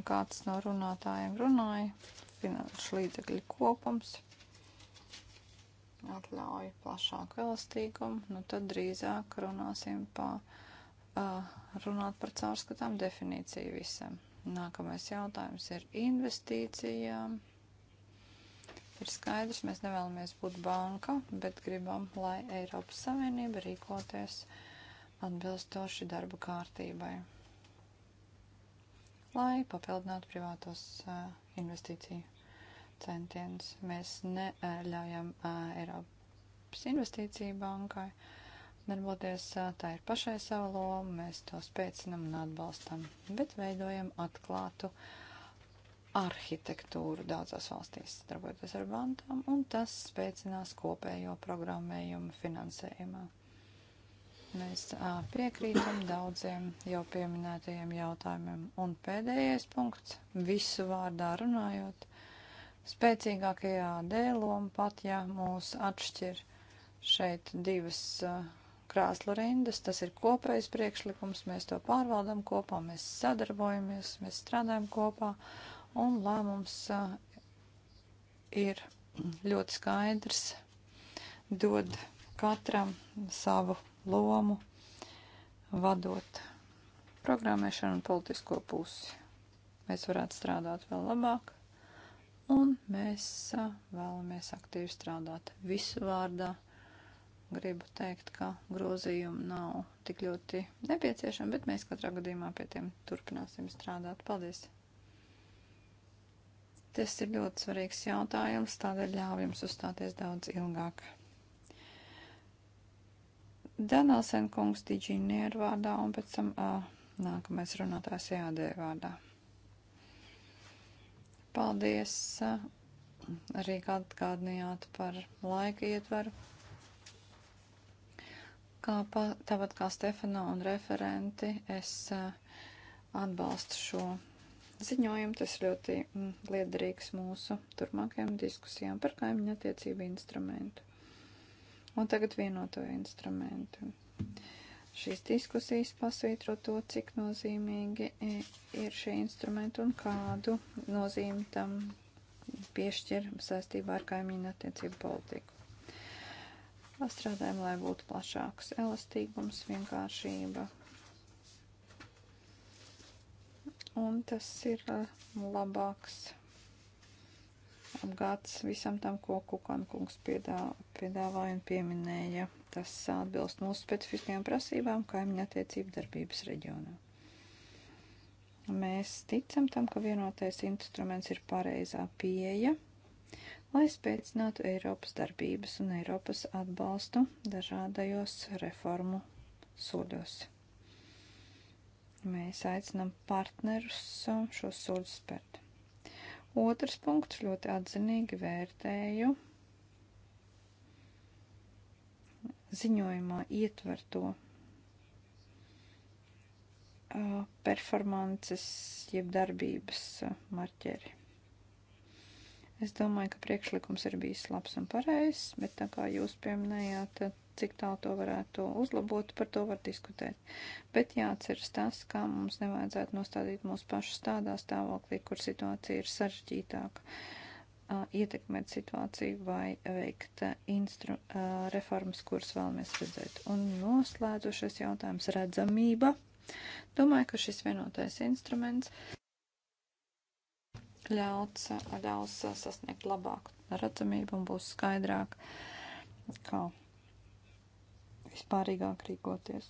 kāds no runātājiem runāja, finanšu līdzekļu kopums atļauj plašāku elastīgumu, nu tad drīzāk runāsim pa, uh, runāt par caurskatām definīciju visam. Nākamais jautājums ir investīcijām. Ir skaidrs, mēs nevēlamies būt banka, bet gribam, lai Eiropas Savienība rīkoties atbilstoši darba kārtībai, lai papildinātu privātos eh, investīciju centienus. Mēs neļaujam eh, Eiropas investīciju bankai darboties, eh, tā ir pašai sava loma, mēs to spēcinam un atbalstam, bet veidojam atklātu uh, arhitektūru daudzās valstīs, darbojoties ar bankām, un tas spēcinās kopējo programmējumu finansējumā. Mēs a, piekrītam daudziem jau pieminētajiem jautājumiem. Un pēdējais punkts, visu vārdā runājot, spēcīgākajā dēloma pat, ja mūs atšķir šeit divas a, krāslu rindas, tas ir kopējs priekšlikums, mēs to pārvaldam kopā, mēs sadarbojamies, mēs strādājam kopā Un lēmums ir ļoti skaidrs, dod katram savu lomu, vadot programmēšanu un politisko pusi. Mēs varētu strādāt vēl labāk, un mēs vēlamies aktīvi strādāt visu vārdā. Gribu teikt, ka grozījumi nav tik ļoti nepieciešami, bet mēs katrā gadījumā pie tiem turpināsim strādāt. Paldies! Tas ir ļoti svarīgs jautājums, tādēļ ļauj jums uzstāties daudz ilgāk. Danelsen kungs Diģinieru vārdā un pēc tam uh, nākamais runātājs jādē vārdā. Paldies, uh, arī atgādinājāt par laika ietveru. Kā pa, tāpat kā Stefano un referenti, es uh, atbalstu šo ziņojumu. Tas ļoti mm, liederīgs mūsu turpmākajām diskusijām par kaimiņu attiecību instrumentu. Un tagad vienoto instrumentu. Šīs diskusijas pasvītro to, cik nozīmīgi e, ir šie instrumenti un kādu nozīmi tam piešķir saistībā ar kaimiņu attiecību politiku. Strādājam, lai būtu plašāks elastīgums, vienkāršība, un tas ir eh, labāks apgāds visam tam, ko Kukankungs piedāvāja un pieminēja. Tas atbilst mūsu specifiskajām prasībām kaimiņa attiecību darbības reģionā. Mēs ticam tam, ka vienotais instruments ir pareizā pieeja, lai spēcinātu Eiropas darbības un Eiropas atbalstu dažādajos reformu soļos. Mēs aicinām partnerus um, šos soļus spērt. Otrs punkts ļoti atzinīgi vērtēju. Ziņojumā ietver to uh, performances jeb darbības uh, marķeri. Es domāju, ka priekšlikums ir bijis labs un pareizs, bet tā kā jūs pieminējāt, cik tālu to varētu uzlabot, par to var diskutēt. Bet jāatceras tas, kā mums nevajadzētu nostādīt mūsu pašus tādā stāvoklī, kur situācija ir sarežģītāka, ietekmēt situāciju vai veikt instru, reformas, kuras vēlamies redzēt. Un noslēdzošais jautājums - redzamība. Domāju, ka šis vienotais instruments ļauts, ļaus sasniegt labāku redzamību un būs skaidrāk, kā vispārīgāk rīkoties.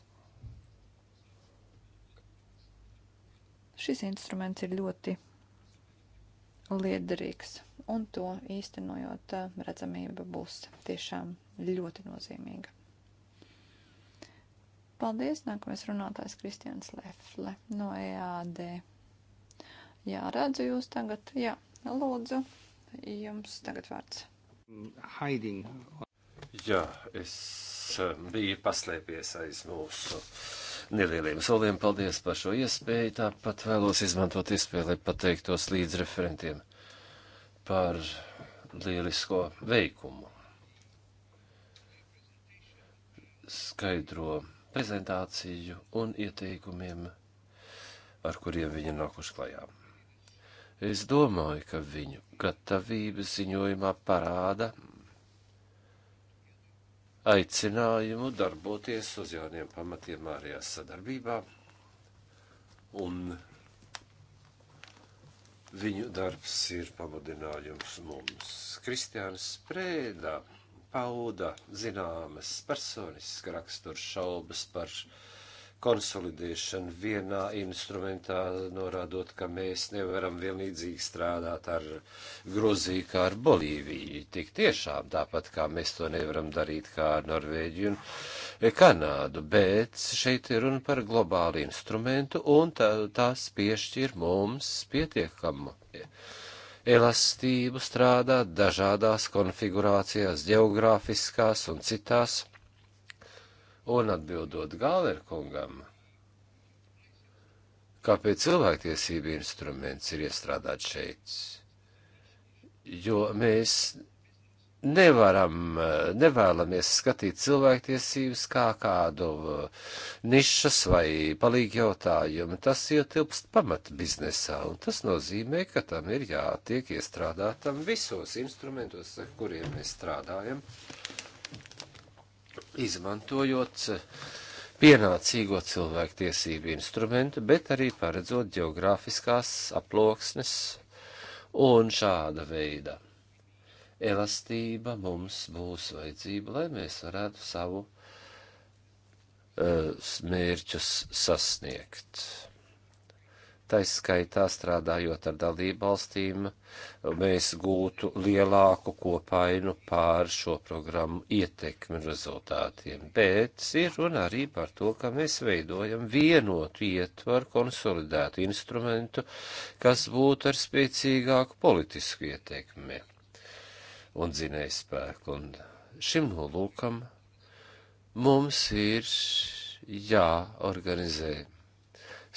Šis instruments ir ļoti liederīgs, un to īstenojot eh, redzamība būs tiešām ļoti nozīmīga. Paldies, nākamais runātājs Kristians Lefle no EAD. Jā, redzu jūs tagad, jā, lūdzu, jums tagad vārds. Haiding. Jā, es eh, biju paslēpies aiz mūsu nelieliem soliem. Paldies par šo iespēju. Tāpat vēlos izmantot iespēju, lai pateiktos līdz referentiem par lielisko veikumu. Skaidro prezentāciju un ieteikumiem, ar kuriem viņi nākuši klajā. Es domāju, ka viņu gatavība ziņojumā parāda aicinājumu darboties uz jauniem pamatiem ārējās sadarbībā un viņu darbs ir pamudinājums mums. Kristiāns Sprēdā pauda zināmas personiska rakstura šaubas par šo konsolidēšanu vienā instrumentā, norādot, ka mēs nevaram vienlīdzīgi strādāt ar Gruziju kā ar Bolīviju. Tik tiešām tāpat kā mēs to nevaram darīt kā ar Norvēģiju un Kanādu, bet šeit ir runa par globālu instrumentu un tā, tās piešķir mums pietiekamu elastību strādāt dažādās konfigurācijās, geogrāfiskās un citās Un atbildot Gālerkungam, kāpēc cilvēktiesība instruments ir iestrādāts šeit? Jo mēs nevaram, nevēlamies skatīt cilvēktiesības kā kādu nišas vai palīgi jautājumu. Tas ietilpst pamat biznesā, un tas nozīmē, ka tam ir jātiek iestrādātam visos instrumentos, ar kuriem mēs strādājam. Uh, izmantojot eh, pienācīgo cilvēktiesību instrumentu, bet arī paredzot geogrāfiskās aploksnes un šāda veida. Elastība mums būs vajadzība, lai mēs varētu savu uh, mērķus sasniegt taiskaitā strādājot ar dalību valstīm, mēs gūtu lielāku kopainu pār šo programmu ietekmi rezultātiem. Bet ir runa arī par to, ka mēs veidojam vienotu ietvaru, konsolidētu instrumentu, kas būtu ar spēcīgāku politisku ietekmi un dzinēju spēku. Un šim nolūkam mums ir jāorganizē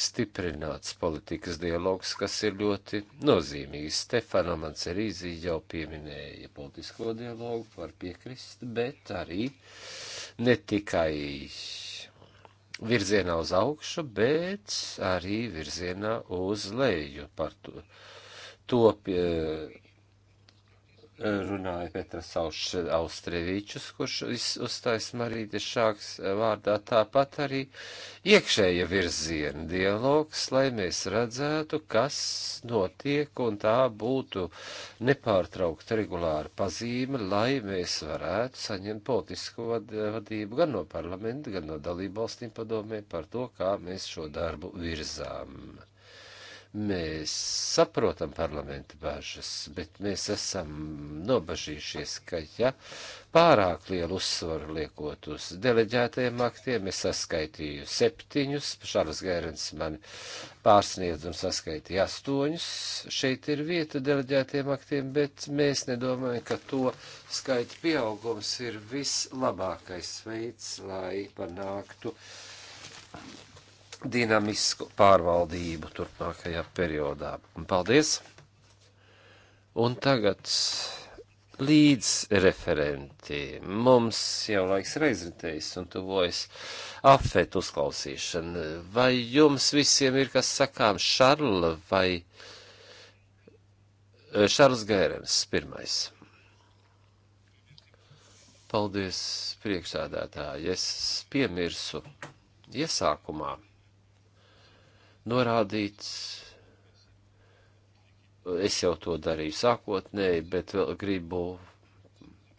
stiprināts politikas dialogs, kas ir ļoti nozīmīgs. Stefano Mancerīzi jau pieminēja politisko dialogu, var piekrist, bet arī ne tikai virzienā uz augšu, bet arī virzienā uz leju par to. to pie, runāja Petras Austrevičus, kurš uzstājas Marītes Šāks vārdā, tāpat arī iekšēja virziena dialogs, lai mēs redzētu, kas notiek, un tā būtu nepārtraukta regulāra pazīme, lai mēs varētu saņemt politisku vad vadību gan no parlamenta, gan no dalību valstīm padomē par to, kā mēs šo darbu virzām. Mēs saprotam parlamenta bažas, bet mēs esam nobažījušies, ka ja pārāk lielu uzsvaru liekot uz deleģētajiem aktiem, es saskaitīju septiņus, Šāras Gērens man pārsniedz un saskaitīja astoņus, šeit ir vieta deleģētajiem aktiem, bet mēs nedomājam, ka to skaita pieaugums ir vislabākais veids, lai panāktu dinamisku pārvaldību turpmākajā periodā. Paldies! Un tagad līdz referenti. Mums jau laiks ir aizritējis un tuvojas afēt uzklausīšana. Vai jums visiem ir kas sakām Šarla vai eh, Šarls Gērens pirmais? Paldies, priekšsādātāji. Es piemirsu iesākumā. Ja norādīts. Es jau to darīju sākotnēji, bet vēl gribu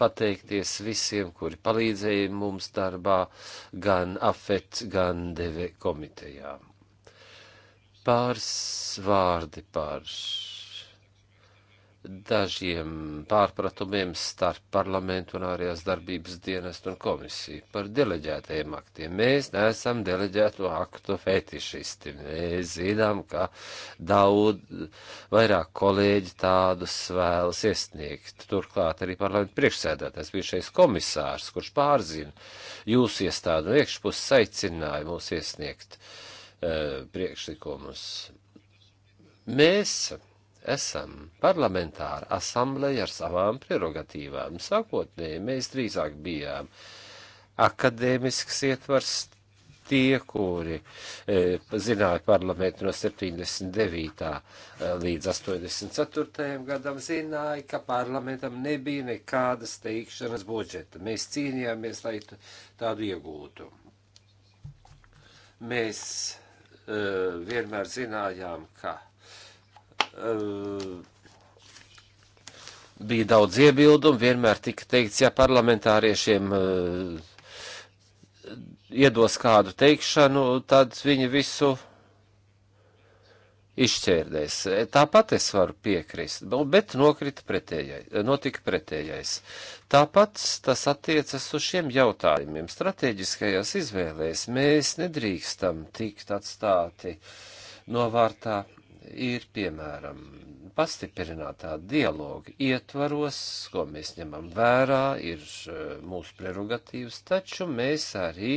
pateikties visiem, kuri palīdzēja mums darbā, gan AFET, gan DV komitejā. Pāris vārdi pāris dažiem pārpratumiem starp parlamentu un ārējās darbības dienestu un komisiju par deleģētajiem aktiem. Mēs neesam deleģēto aktu fetišisti. Mēs zinām, ka daudz vairāk kolēģi tādus vēlas iesniegt. Turklāt arī parlamentu priekšsēdētājs bija šais komisārs, kurš pārzina jūsu iestādu no iekšpuses aicināja mūs iesniegt uh, priekšlikumus. Mēs esam parlamentāra asambleja ar savām prerogatīvām. Sākotnēji mēs drīzāk bijām akadēmisks ietvars tie, kuri e, zināja parlamentu no 79. E, līdz 84. gadam, zināja, ka parlamentam nebija nekādas teikšanas budžeta. Mēs cīnījāmies, lai tādu iegūtu. Mēs e, vienmēr zinājām, ka Eh, bija daudz iebildumu, vienmēr tika teikts, ja parlamentāriešiem eh, iedos kādu teikšanu, tad viņi visu izšķērdēs. Tāpat es varu piekrist, bet nokrita pretējais, notika pretējais. Tāpat tas attiecas uz šiem jautājumiem. Strateģiskajās izvēlēs mēs nedrīkstam tikt atstāti novārtā ir, piemēram, pastiprinātā dialoga ietvaros, ko mēs ņemam vērā, ir eh, mūsu prerogatīvas, taču mēs arī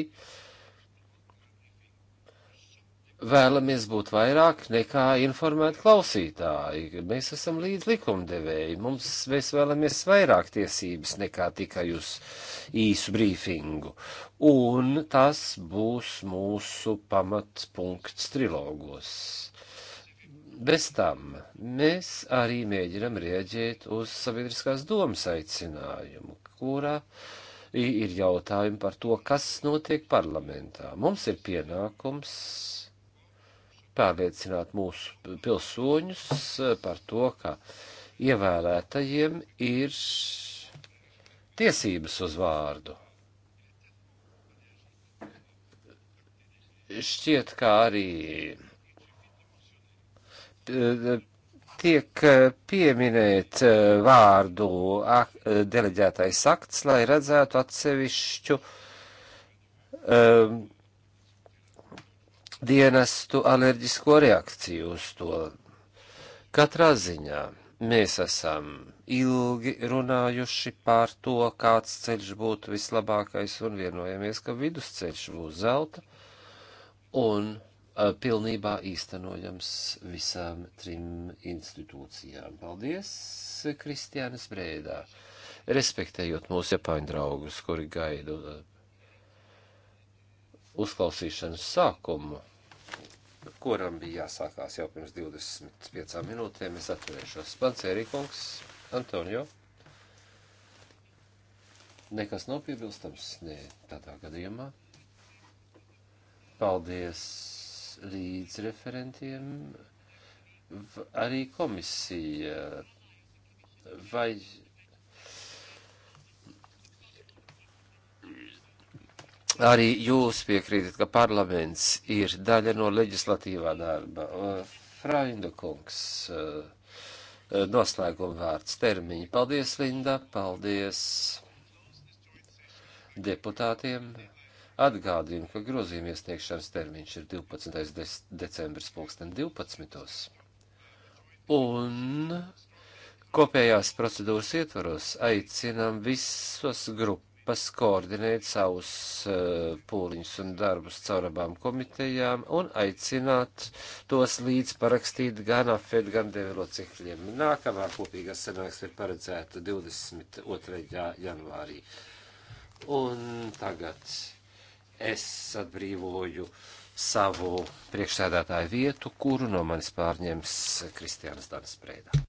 vēlamies būt vairāk nekā informēti klausītāji. Mēs esam līdz likumdevēji, mums mēs vēlamies vairāk tiesības nekā tikai uz īsu brīfingu. Un tas būs mūsu pamatpunkts trilogos Bez tam mēs arī mēģinam rieģēt uz sabiedriskās domas aicinājumu, kurā ir jautājumi par to, kas notiek parlamentā. Mums ir pienākums pārliecināt mūsu pilsoņus eh, par to, ka ievēlētajiem ir tiesības uz vārdu. Šķiet, kā arī tiek eh, pieminēt eh, vārdu eh, deleģētais akts, lai redzētu atsevišķu um, dienestu alerģisko reakciju uz to. Katrā ziņā mēs esam ilgi runājuši par to, kāds ceļš būtu vislabākais un vienojamies, ka vidusceļš būs zelta un Eh, pilnībā īstenojams visām trim institūcijām. Paldies, Kristiānas Brēdā! Respektējot mūsu japāņu draugus, kuri gaida eh, uzklausīšanas sākumu, kuram bija jāsākās jau pirms 25 minūtēm, es atturēšos. Pancērīkungs, Antonio. Nekas nav piebilstams? Nē, tādā gadījumā. Paldies! līdz referentiem arī komisija. Vai arī jūs piekrītat, ka parlaments ir daļa no leģislatīvā darba? Frainda kungs, noslēguma vārds termiņi. Paldies, Linda, paldies deputātiem. Atgādinu, ka grozījuma iesniegšanas termiņš ir 12. decembris 2012. Un kopējās procedūras ietvaros aicinām visas grupas koordinēt savus uh, pūliņus un darbus caur abām komitejām un aicināt tos līdz parakstīt gan afet, gan develocikļiem. Nākamā kopīgā sanāksme ir paredzēta 22. janvārī. Un tagad es atbrīvoju savu priekšsēdētāju vietu, kuru no manis pārņems Kristians Dans Prēdā.